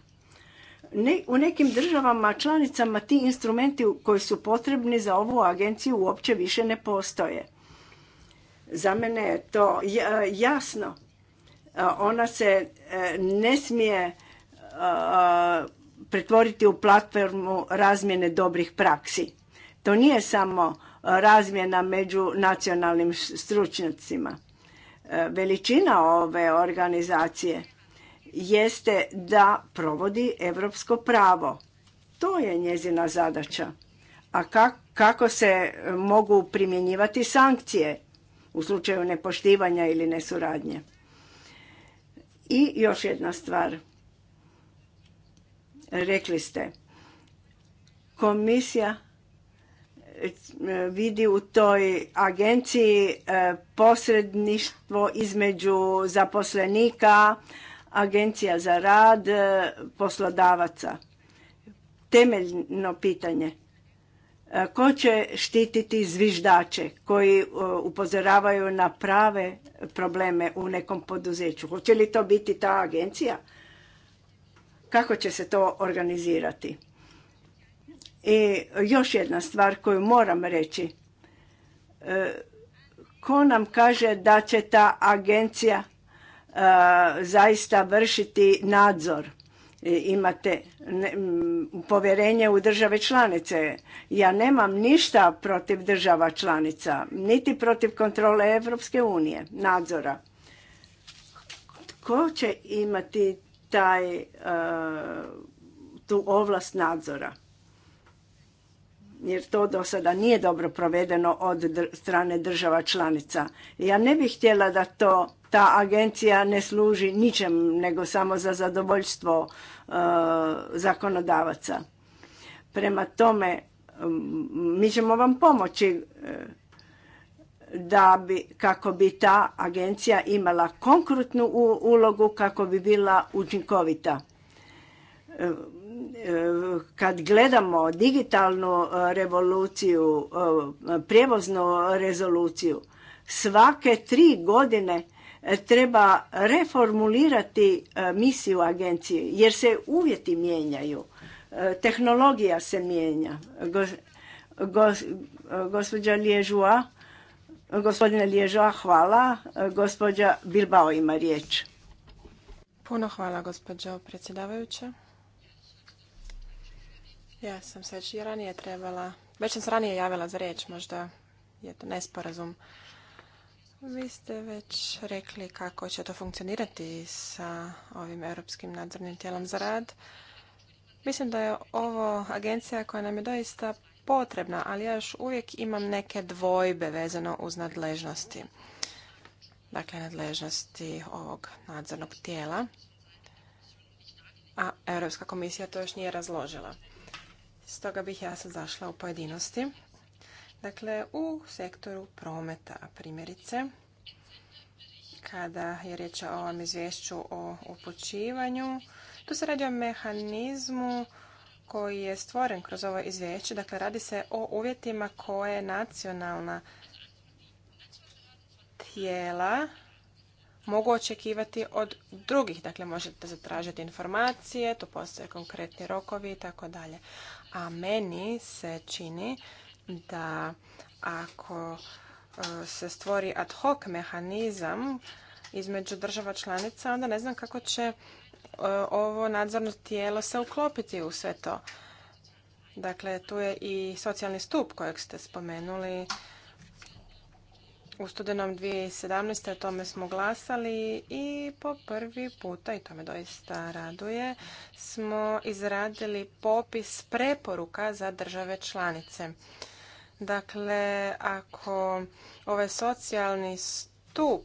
u nekim državama članicama ti instrumenti koji su potrebni za ovu agenciju uopće više ne postoje. Za mene je to jasno. E, ona se ne smije pretvoriti u platformu razmjene dobrih praksi. To nije samo razmjena među nacionalnim stručnjacima. E, veličina ove organizacije jeste da provodi europsko pravo. To je njezina zadaća. A kako se mogu primjenjivati sankcije u slučaju nepoštivanja ili nesuradnje? I još jedna stvar – rekli ste. Komisija e, vidi u toj agenciji e, posredništvo između zaposlenika, agencija za rad, e, poslodavaca. Temeljno pitanje. Ko će štititi zviždače koji upozoravaju na prave probleme u nekom poduzeću? Hoće li to biti ta agencija? kako će se to organizirati. I još jedna stvar koju moram reći. E, ko nam kaže da će ta agencija e, zaista vršiti nadzor? E, imate povjerenje u države članice. Ja nemam ništa protiv država članica, niti protiv kontrole Europske unije, nadzora. Ko će imati taj, e, tu ovlast nadzora. Jer to do sada nije dobro provedeno od strane država članica. Ja ne bih htjela da to ta agencija ne služi ničem nego samo za zadovoljstvo e, zakonodavaca. Prema tome, mi ćemo vam pomoći e, da bi, kako bi ta agencija imala konkretnu ulogu kako bi bila učinkovita. E, e, kad gledamo digitalnu e, revoluciju, prijevoznu rezoluciju, svake tri godine treba reformulirati misiju agencije jer se uvjeti mijenjaju, tehnologija se mijenja. gospođa Liježua Gospodine Liježa, hvala. Gospođa Bilbao ima riječ. Puno hvala, gospođo predsjedavajuća. Ja sam se već i ranije trebala, već sam se ranije javila za riječ, možda je to nesporazum. Vi ste već rekli kako će to funkcionirati sa ovim europskim nadzornim tijelom za rad. Mislim da je ovo agencija koja nam je doista potrebna, ali ja još uvijek imam neke dvojbe vezano uz nadležnosti. Dakle, nadležnosti ovog nadzornog tijela. A Europska komisija to još nije razložila. Stoga bih ja sad zašla u pojedinosti. Dakle, u sektoru prometa, primjerice, kada je riječ o ovom izvješću o upućivanju, tu se radi o mehanizmu koji je stvoren kroz ovo izvješće. Dakle, radi se o uvjetima koje nacionalna tijela mogu očekivati od drugih. Dakle, možete zatražiti informacije, tu postoje konkretni rokovi i tako dalje. A meni se čini da ako e, se stvori ad hoc mehanizam između država članica, onda ne znam kako će E, ovo nadzorno tijelo se uklopiti u sve to. Dakle, tu je i socijalni stup kojeg ste spomenuli. U studenom 2017. o tome smo glasali i po prvi puta, i to me doista raduje, smo izradili popis preporuka za države članice. Dakle, ako ovaj socijalni stup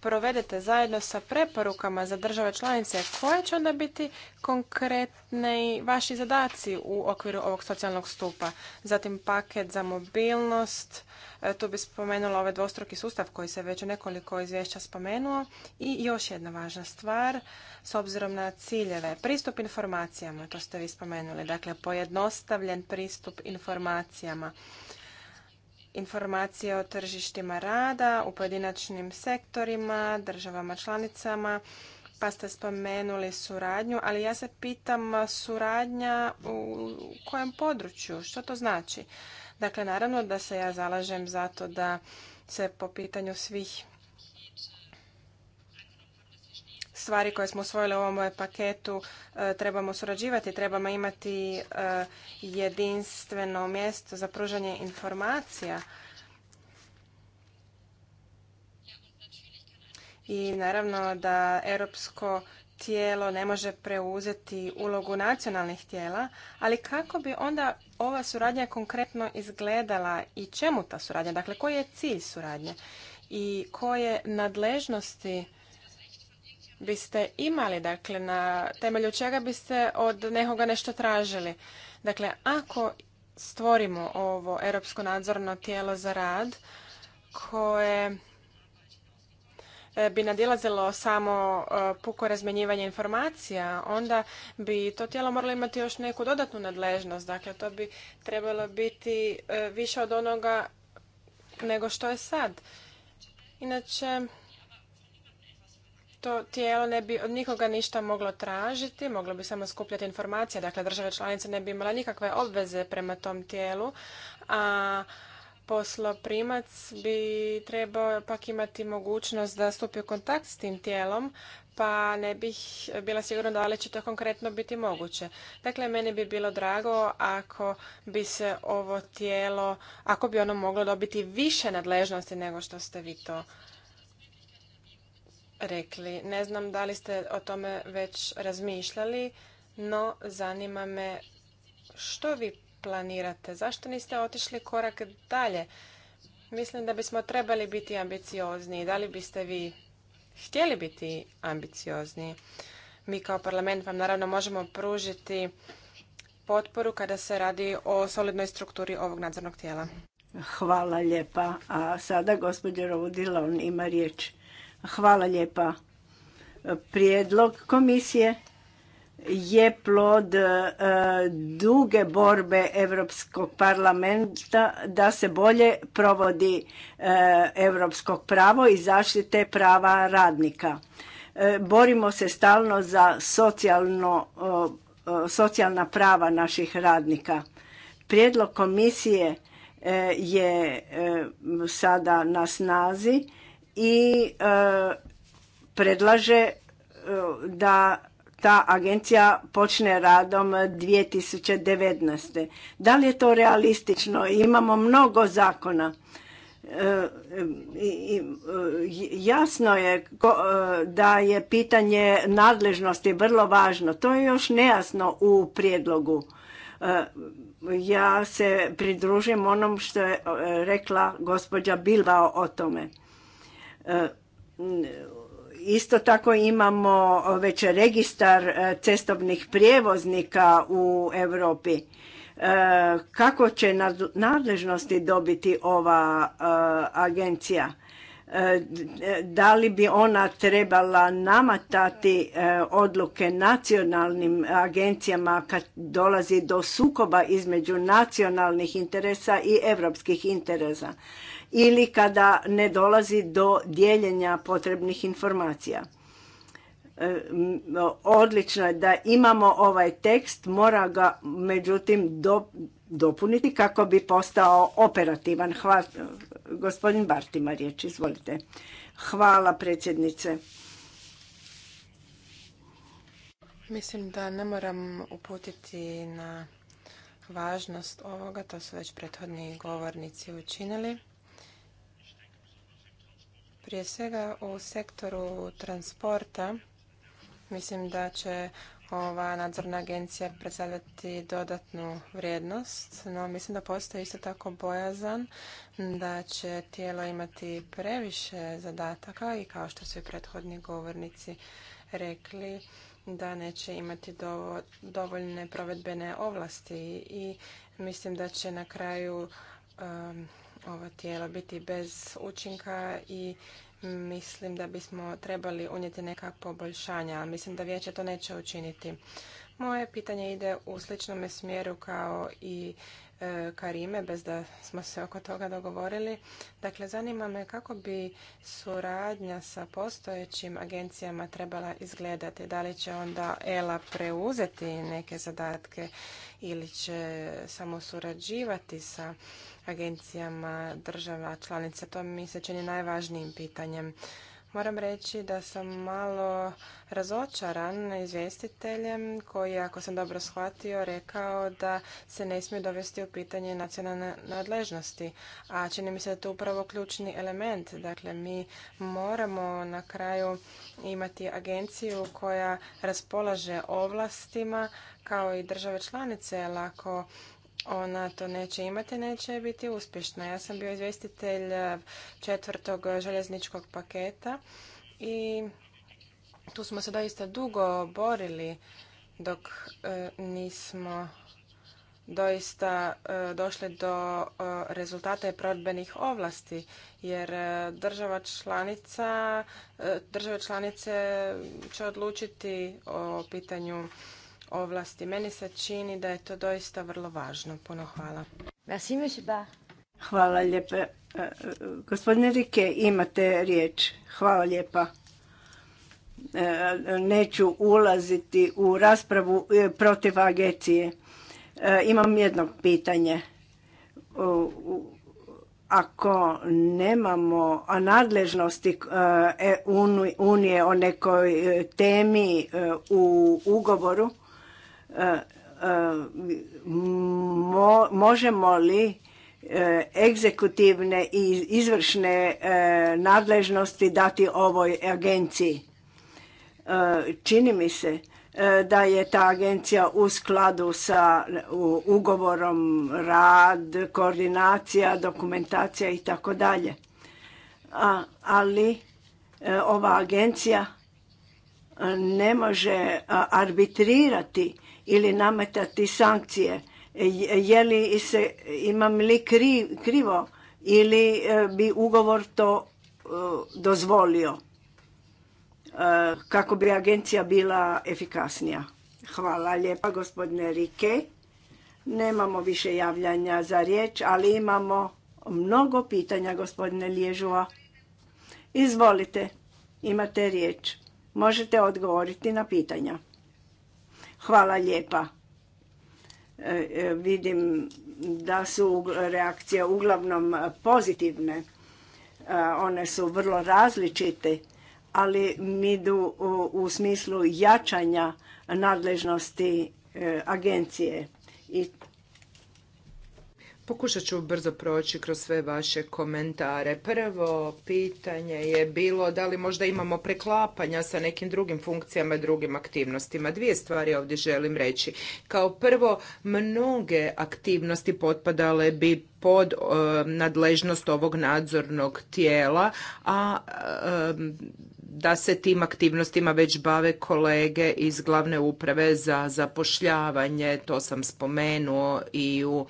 provedete zajedno sa preporukama za države članice, koje će onda biti konkretni vaši zadaci u okviru ovog socijalnog stupa? Zatim paket za mobilnost, e, tu bi spomenula ovaj dvostruki sustav koji se već u nekoliko izvješća spomenuo. I još jedna važna stvar, s obzirom na ciljeve, pristup informacijama, to ste vi spomenuli, dakle pojednostavljen pristup informacijama informacije o tržištima rada u pojedinačnim sektorima, državama članicama, pa ste spomenuli suradnju, ali ja se pitam suradnja u kojem području, što to znači? Dakle, naravno da se ja zalažem za to da se po pitanju svih stvari koje smo usvojili u ovom eh, paketu eh, trebamo surađivati, trebamo imati eh, jedinstveno mjesto za pružanje informacija. I naravno da europsko tijelo ne može preuzeti ulogu nacionalnih tijela, ali kako bi onda ova suradnja konkretno izgledala i čemu ta suradnja? Dakle, koji je cilj suradnje i koje nadležnosti biste imali, dakle na temelju čega biste od nekoga nešto tražili. Dakle, ako stvorimo ovo europsko nadzorno tijelo za rad koje e, bi nadilazilo samo e, puko razmenjivanje informacija, onda bi to tijelo moralo imati još neku dodatnu nadležnost. Dakle, to bi trebalo biti e, više od onoga nego što je sad. Inače, to tijelo ne bi od nikoga ništa moglo tražiti, moglo bi samo skupljati informacije, dakle država članice ne bi imala nikakve obveze prema tom tijelu, a posloprimac bi trebao pak imati mogućnost da stupi u kontakt s tim tijelom, pa ne bih bila sigurna da li će to konkretno biti moguće. Dakle, meni bi bilo drago ako bi se ovo tijelo, ako bi ono moglo dobiti više nadležnosti nego što ste vi to rekli. Ne znam da li ste o tome već razmišljali, no zanima me što vi planirate. Zašto niste otišli korak dalje? Mislim da bismo trebali biti ambiciozni. Da li biste vi htjeli biti ambiciozni? Mi kao parlament vam naravno možemo pružiti potporu kada se radi o solidnoj strukturi ovog nadzornog tijela. Hvala lijepa. A sada gospođa Rovodilon ima riječ. Hvala lijepa. Prijedlog komisije je plod e, duge borbe Europskog parlamenta da se bolje provodi e, europsko pravo i zaštite prava radnika. E, borimo se stalno za socijalno, socijalna prava naših radnika. Prijedlog komisije je sada na snazi i e, predlaže e, da ta agencija počne radom 2019. Da li je to realistično? Imamo mnogo zakona. E, jasno je da je pitanje nadležnosti vrlo važno. To je još nejasno u prijedlogu. Ja se pridružim onom što je rekla gospođa Bilbao o tome Isto tako imamo već registar e, cestovnih prijevoznika u Europi. E, kako će nadležnosti dobiti ova e, agencija? Da li bi ona trebala namatati odluke nacionalnim agencijama kad dolazi do sukoba između nacionalnih interesa i europskih interesa? ili kada ne dolazi do dijeljenja potrebnih informacija. E, odlično je da imamo ovaj tekst, mora ga međutim dopuniti kako bi postao operativan. Hvala, gospodin Bartima riječ, izvolite. Hvala predsjednice. Mislim da ne moram uputiti na važnost ovoga, to su već prethodni govornici učinili. Prije svega u sektoru transporta mislim da će ova nadzorna agencija predstavljati dodatnu vrijednost, no mislim da postoji isto tako bojazan da će tijelo imati previše zadataka i kao što su i prethodni govornici rekli da neće imati dovoljne provedbene ovlasti i mislim da će na kraju um, ova tijela biti bez učinka i mislim da bismo trebali unijeti neka poboljšanja, ali mislim da vijeće to neće učiniti. Moje pitanje ide u sličnom smjeru kao i e, Karime, bez da smo se oko toga dogovorili. Dakle, zanima me kako bi suradnja sa postojećim agencijama trebala izgledati. Da li će onda ELA preuzeti neke zadatke ili će samo surađivati sa agencijama država članica? To mi se čini najvažnijim pitanjem. Moram reći da sam malo razočaran izvjestiteljem koji, ako sam dobro shvatio, rekao da se ne smije dovesti u pitanje nacionalne nadležnosti. A čini mi se da je to upravo ključni element. Dakle, mi moramo na kraju imati agenciju koja raspolaže ovlastima kao i države članice, ali ako ona to neće imati, neće biti uspješna. Ja sam bio izvjestitelj eh, četvrtog željezničkog paketa i tu smo se doista dugo borili dok eh, nismo doista eh, došli do rezultata i prodbenih ovlasti jer država članica, države članice će odlučiti o pitanju ovlasti. Meni se čini da je to doista vrlo važno. Puno hvala. Hvala lijepa. E, gospodine Rike, imate riječ. Hvala lijepa. E, neću ulaziti u raspravu e, protiv agencije. Imam jedno pitanje. Ako nemamo nadležnosti Unije o nekoj temi u ugovoru, možemo li e, egzekutivne i izvršne e, nadležnosti dati ovoj agenciji. E, čini mi se da je ta agencija u skladu sa ugovorom rad, koordinacija, dokumentacija i tako dalje. Ali ova agencija ne može arbitrirati ili nametati sankcije. Je li se, imam li krivo ili e, bi ugovor to e, dozvolio e, kako bi agencija bila efikasnija. Hvala lijepa gospodine Rike. Nemamo više javljanja za riječ, ali imamo mnogo pitanja gospodine Liježova. Izvolite, imate riječ. Možete odgovoriti na pitanja. Hvala lijepa. E, e, vidim da su reakcije uglavnom pozitivne. E, one su vrlo različite, ali mi idu u, smislu jačanja nadležnosti agencije i Pokušat ću brzo proći kroz sve vaše komentare. Prvo pitanje je bilo da li možda imamo preklapanja sa nekim drugim funkcijama i drugim aktivnostima. Dvije stvari ovdje želim reći. Kao prvo, mnoge aktivnosti potpadale bi pod e, nadležnost ovog nadzornog tijela, a da se tim aktivnostima već bave kolege iz glavne uprave za zapošljavanje, to sam spomenuo i u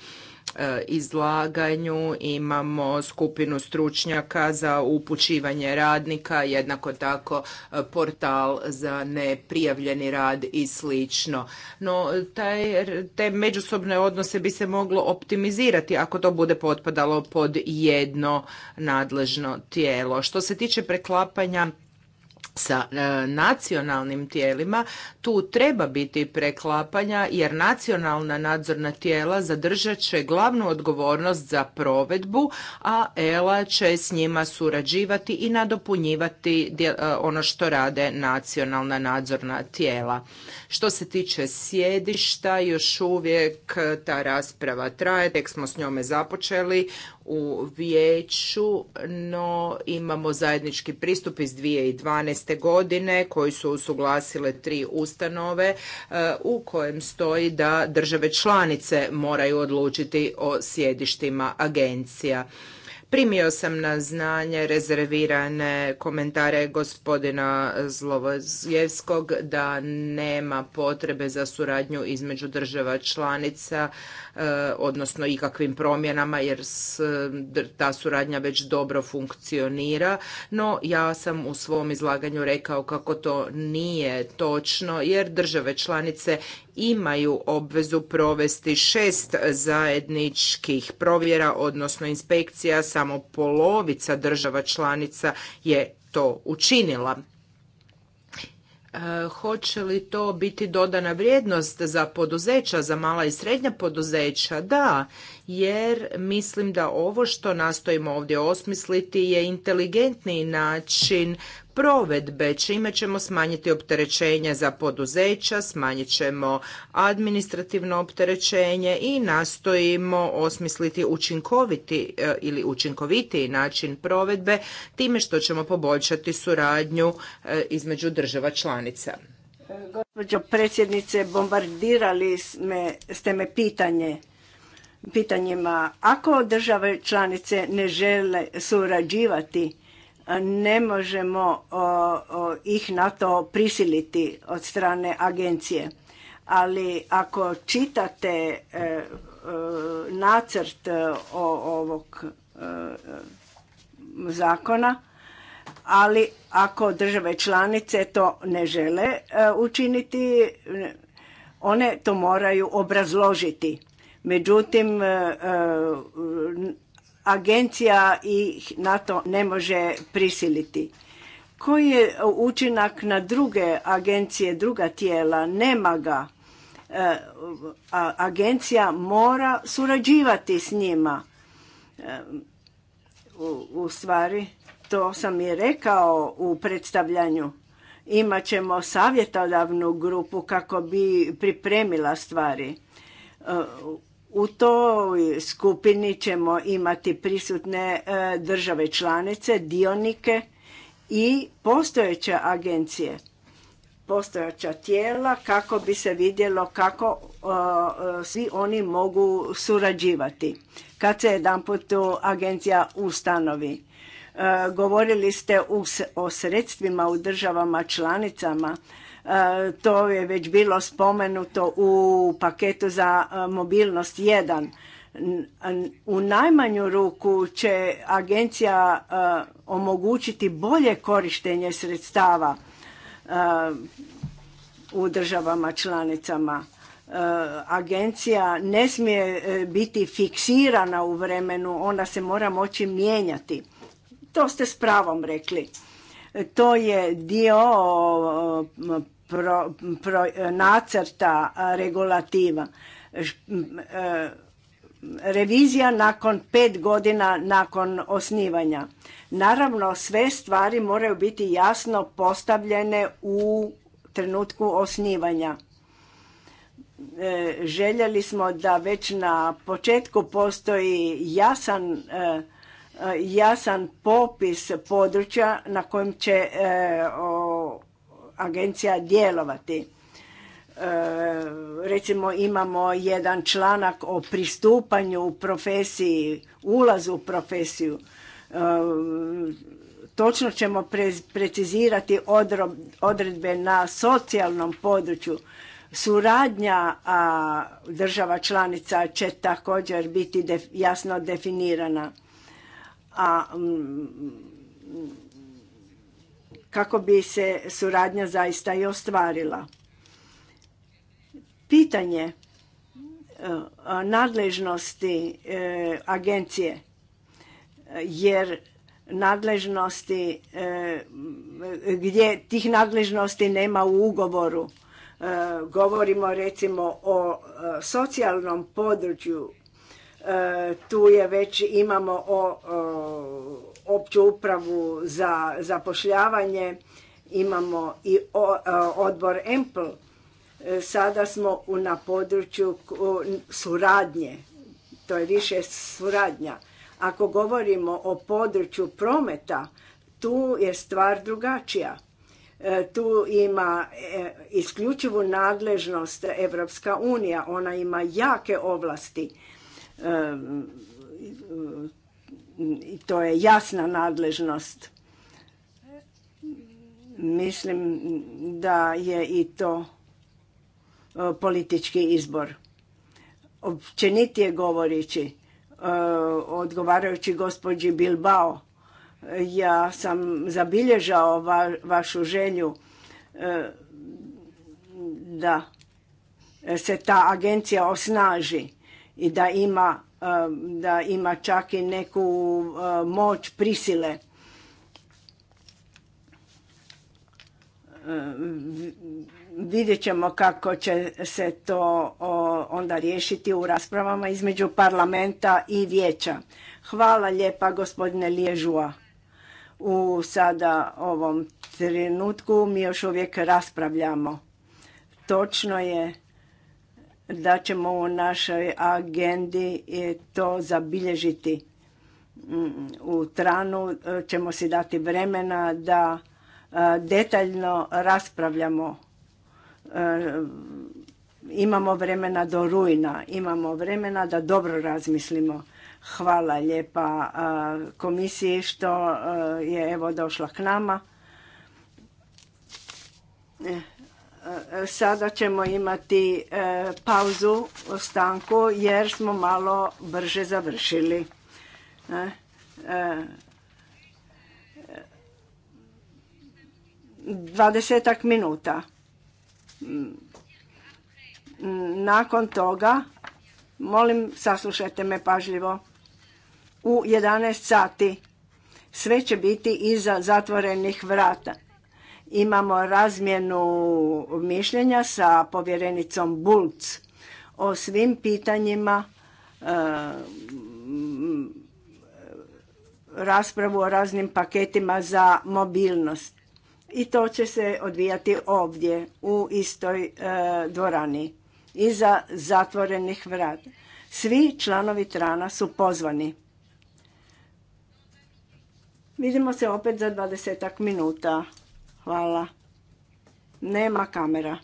E, izlaganju. Imamo skupinu stručnjaka za upućivanje radnika, jednako tako e, portal za neprijavljeni rad i slično. No, taj, te međusobne odnose bi se moglo optimizirati ako to bude potpadalo pod jedno nadležno tijelo. Što se tiče preklapanja sa e, nacionalnim tijelima tu treba biti preklapanja jer nacionalna nadzorna tijela zadržat će glavnu odgovornost za provedbu, a ELA će s njima surađivati i nadopunjivati e, ono što rade nacionalna nadzorna tijela. Što se tiče sjedišta, još uvijek ta rasprava traje, tek smo s njome započeli u vijeću, no imamo zajednički pristup iz 2012 godine koji su usuglasile tri ustanove e, u kojem stoji da države članice moraju odlučiti o sjedištima agencija. Primio sam na znanje rezervirane komentare gospodina Zlovojevskog da nema potrebe za suradnju između država članica, e, odnosno ikakvim promjenama jer ta suradnja već dobro funkcionira, no ja sam u svom izlaganju rekao kako to nije točno jer države članice imaju obvezu provesti šest zajedničkih provjera, odnosno inspekcija, samo polovica država članica je to učinila. E, hoće li to biti dodana vrijednost za poduzeća, za mala i srednja poduzeća? Da, jer mislim da ovo što nastojimo ovdje osmisliti je inteligentni način provedbe, čime ćemo smanjiti opterećenje za poduzeća, smanjit ćemo administrativno opterećenje i nastojimo osmisliti učinkoviti e, ili učinkovitiji način provedbe time što ćemo poboljšati suradnju e, između država članica. Gospođo predsjednice, bombardirali ste me pitanje pitanjima. Ako države članice ne žele surađivati, ne možemo ih na to prisiliti od strane agencije. Ali ako čitate e, e, nacrt e, ovog zakona, ali ako države članice to ne žele učiniti, one to moraju obrazložiti. Međutim, agencija ih na to ne može prisiliti. Koji je učinak na druge agencije, druga tijela? Nema ga. E, agencija mora surađivati s njima. E, u, stvari, to sam i rekao u predstavljanju. Imat ćemo savjetodavnu grupu kako bi pripremila stvari. E, u toj skupini ćemo imati prisutne e, države članice, dionike i postojeće agencije, postojeća tijela kako bi se vidjelo kako e, svi oni mogu surađivati. Kad se jedanput agencija ustanovi, e, govorili ste o sredstvima u državama članicama E, to je već bilo spomenuto u paketu za e, mobilnost 1. U najmanju ruku će agencija e, omogućiti bolje korištenje sredstava u državama članicama. Agencija ne smije biti fiksirana u vremenu, ona se mora moći mijenjati. To ste s pravom rekli. To je dio pro, nacrta regulativa. E, revizija nakon pet godina nakon osnivanja. Naravno, sve stvari moraju biti jasno postavljene u trenutku osnivanja. E, željeli smo da već na početku postoji jasan e, jasan popis područja na kojem će agencija djelovati. E, recimo imamo jedan članak o pristupanju u profesiji, ulazu u profesiju. E, točno ćemo precizirati odredbe na socijalnom području. Suradnja a država članica će također biti jasno definirana. A kako bi se suradnja zaista i ostvarila. Pitanje e, nadležnosti e, agencije, jer nadležnosti e, gdje tih nadležnosti nema u ugovoru. Govorimo recimo o socijalnom području, tu je već imamo o opću upravu za zapošljavanje, imamo i e, odbor EMPL. E, sada smo na području suradnje, to je više suradnja. Ako govorimo o području prometa, tu je stvar drugačija. E, tu ima isključivu nadležnost Evropska unija, ona ima jake ovlasti i to je jasna nadležnost. Mislim da je i to e, politički izbor. Općenitije govoreći, e, odgovarajući gospođi Bilbao, ja sam zabilježao vašu želju e, da se ta agencija osnaži i da ima Um, da ima čak i neku uh, moć prisile. Um, vidjet ćemo kako će se to onda riješiti u raspravama između parlamenta i vijeća. Hvala lijepa gospodine Liježua. U sada ovom trenutku mi još uvijek raspravljamo. Točno je da ćemo u našoj agendi e, to zabilježiti. Mm, u Tranu e, ćemo si dati vremena da e, detaljno raspravljamo. Imamo vremena do rujna, imamo vremena da dobro razmislimo. Hvala lijepa komisiji što je evo došla k nama. E, sada ćemo imati e, pauzu, stanku, jer smo malo brže završili. E, dvadesetak minuta. Mm, nakon toga, molim, saslušajte me pažljivo, u 11 sati sve će biti iza zatvorenih vrata. Imamo razmjenu mišljenja sa povjerenicom Bulc o svim pitanjima e, raspravu o raznim paketima za mobilnost. I to će se odvijati ovdje u istoj e, dvorani iza zatvorenih vrata. Svi članovi Trana su pozvani. Vidimo se opet za dvadesetak minuta. Hvala. Nema kamera.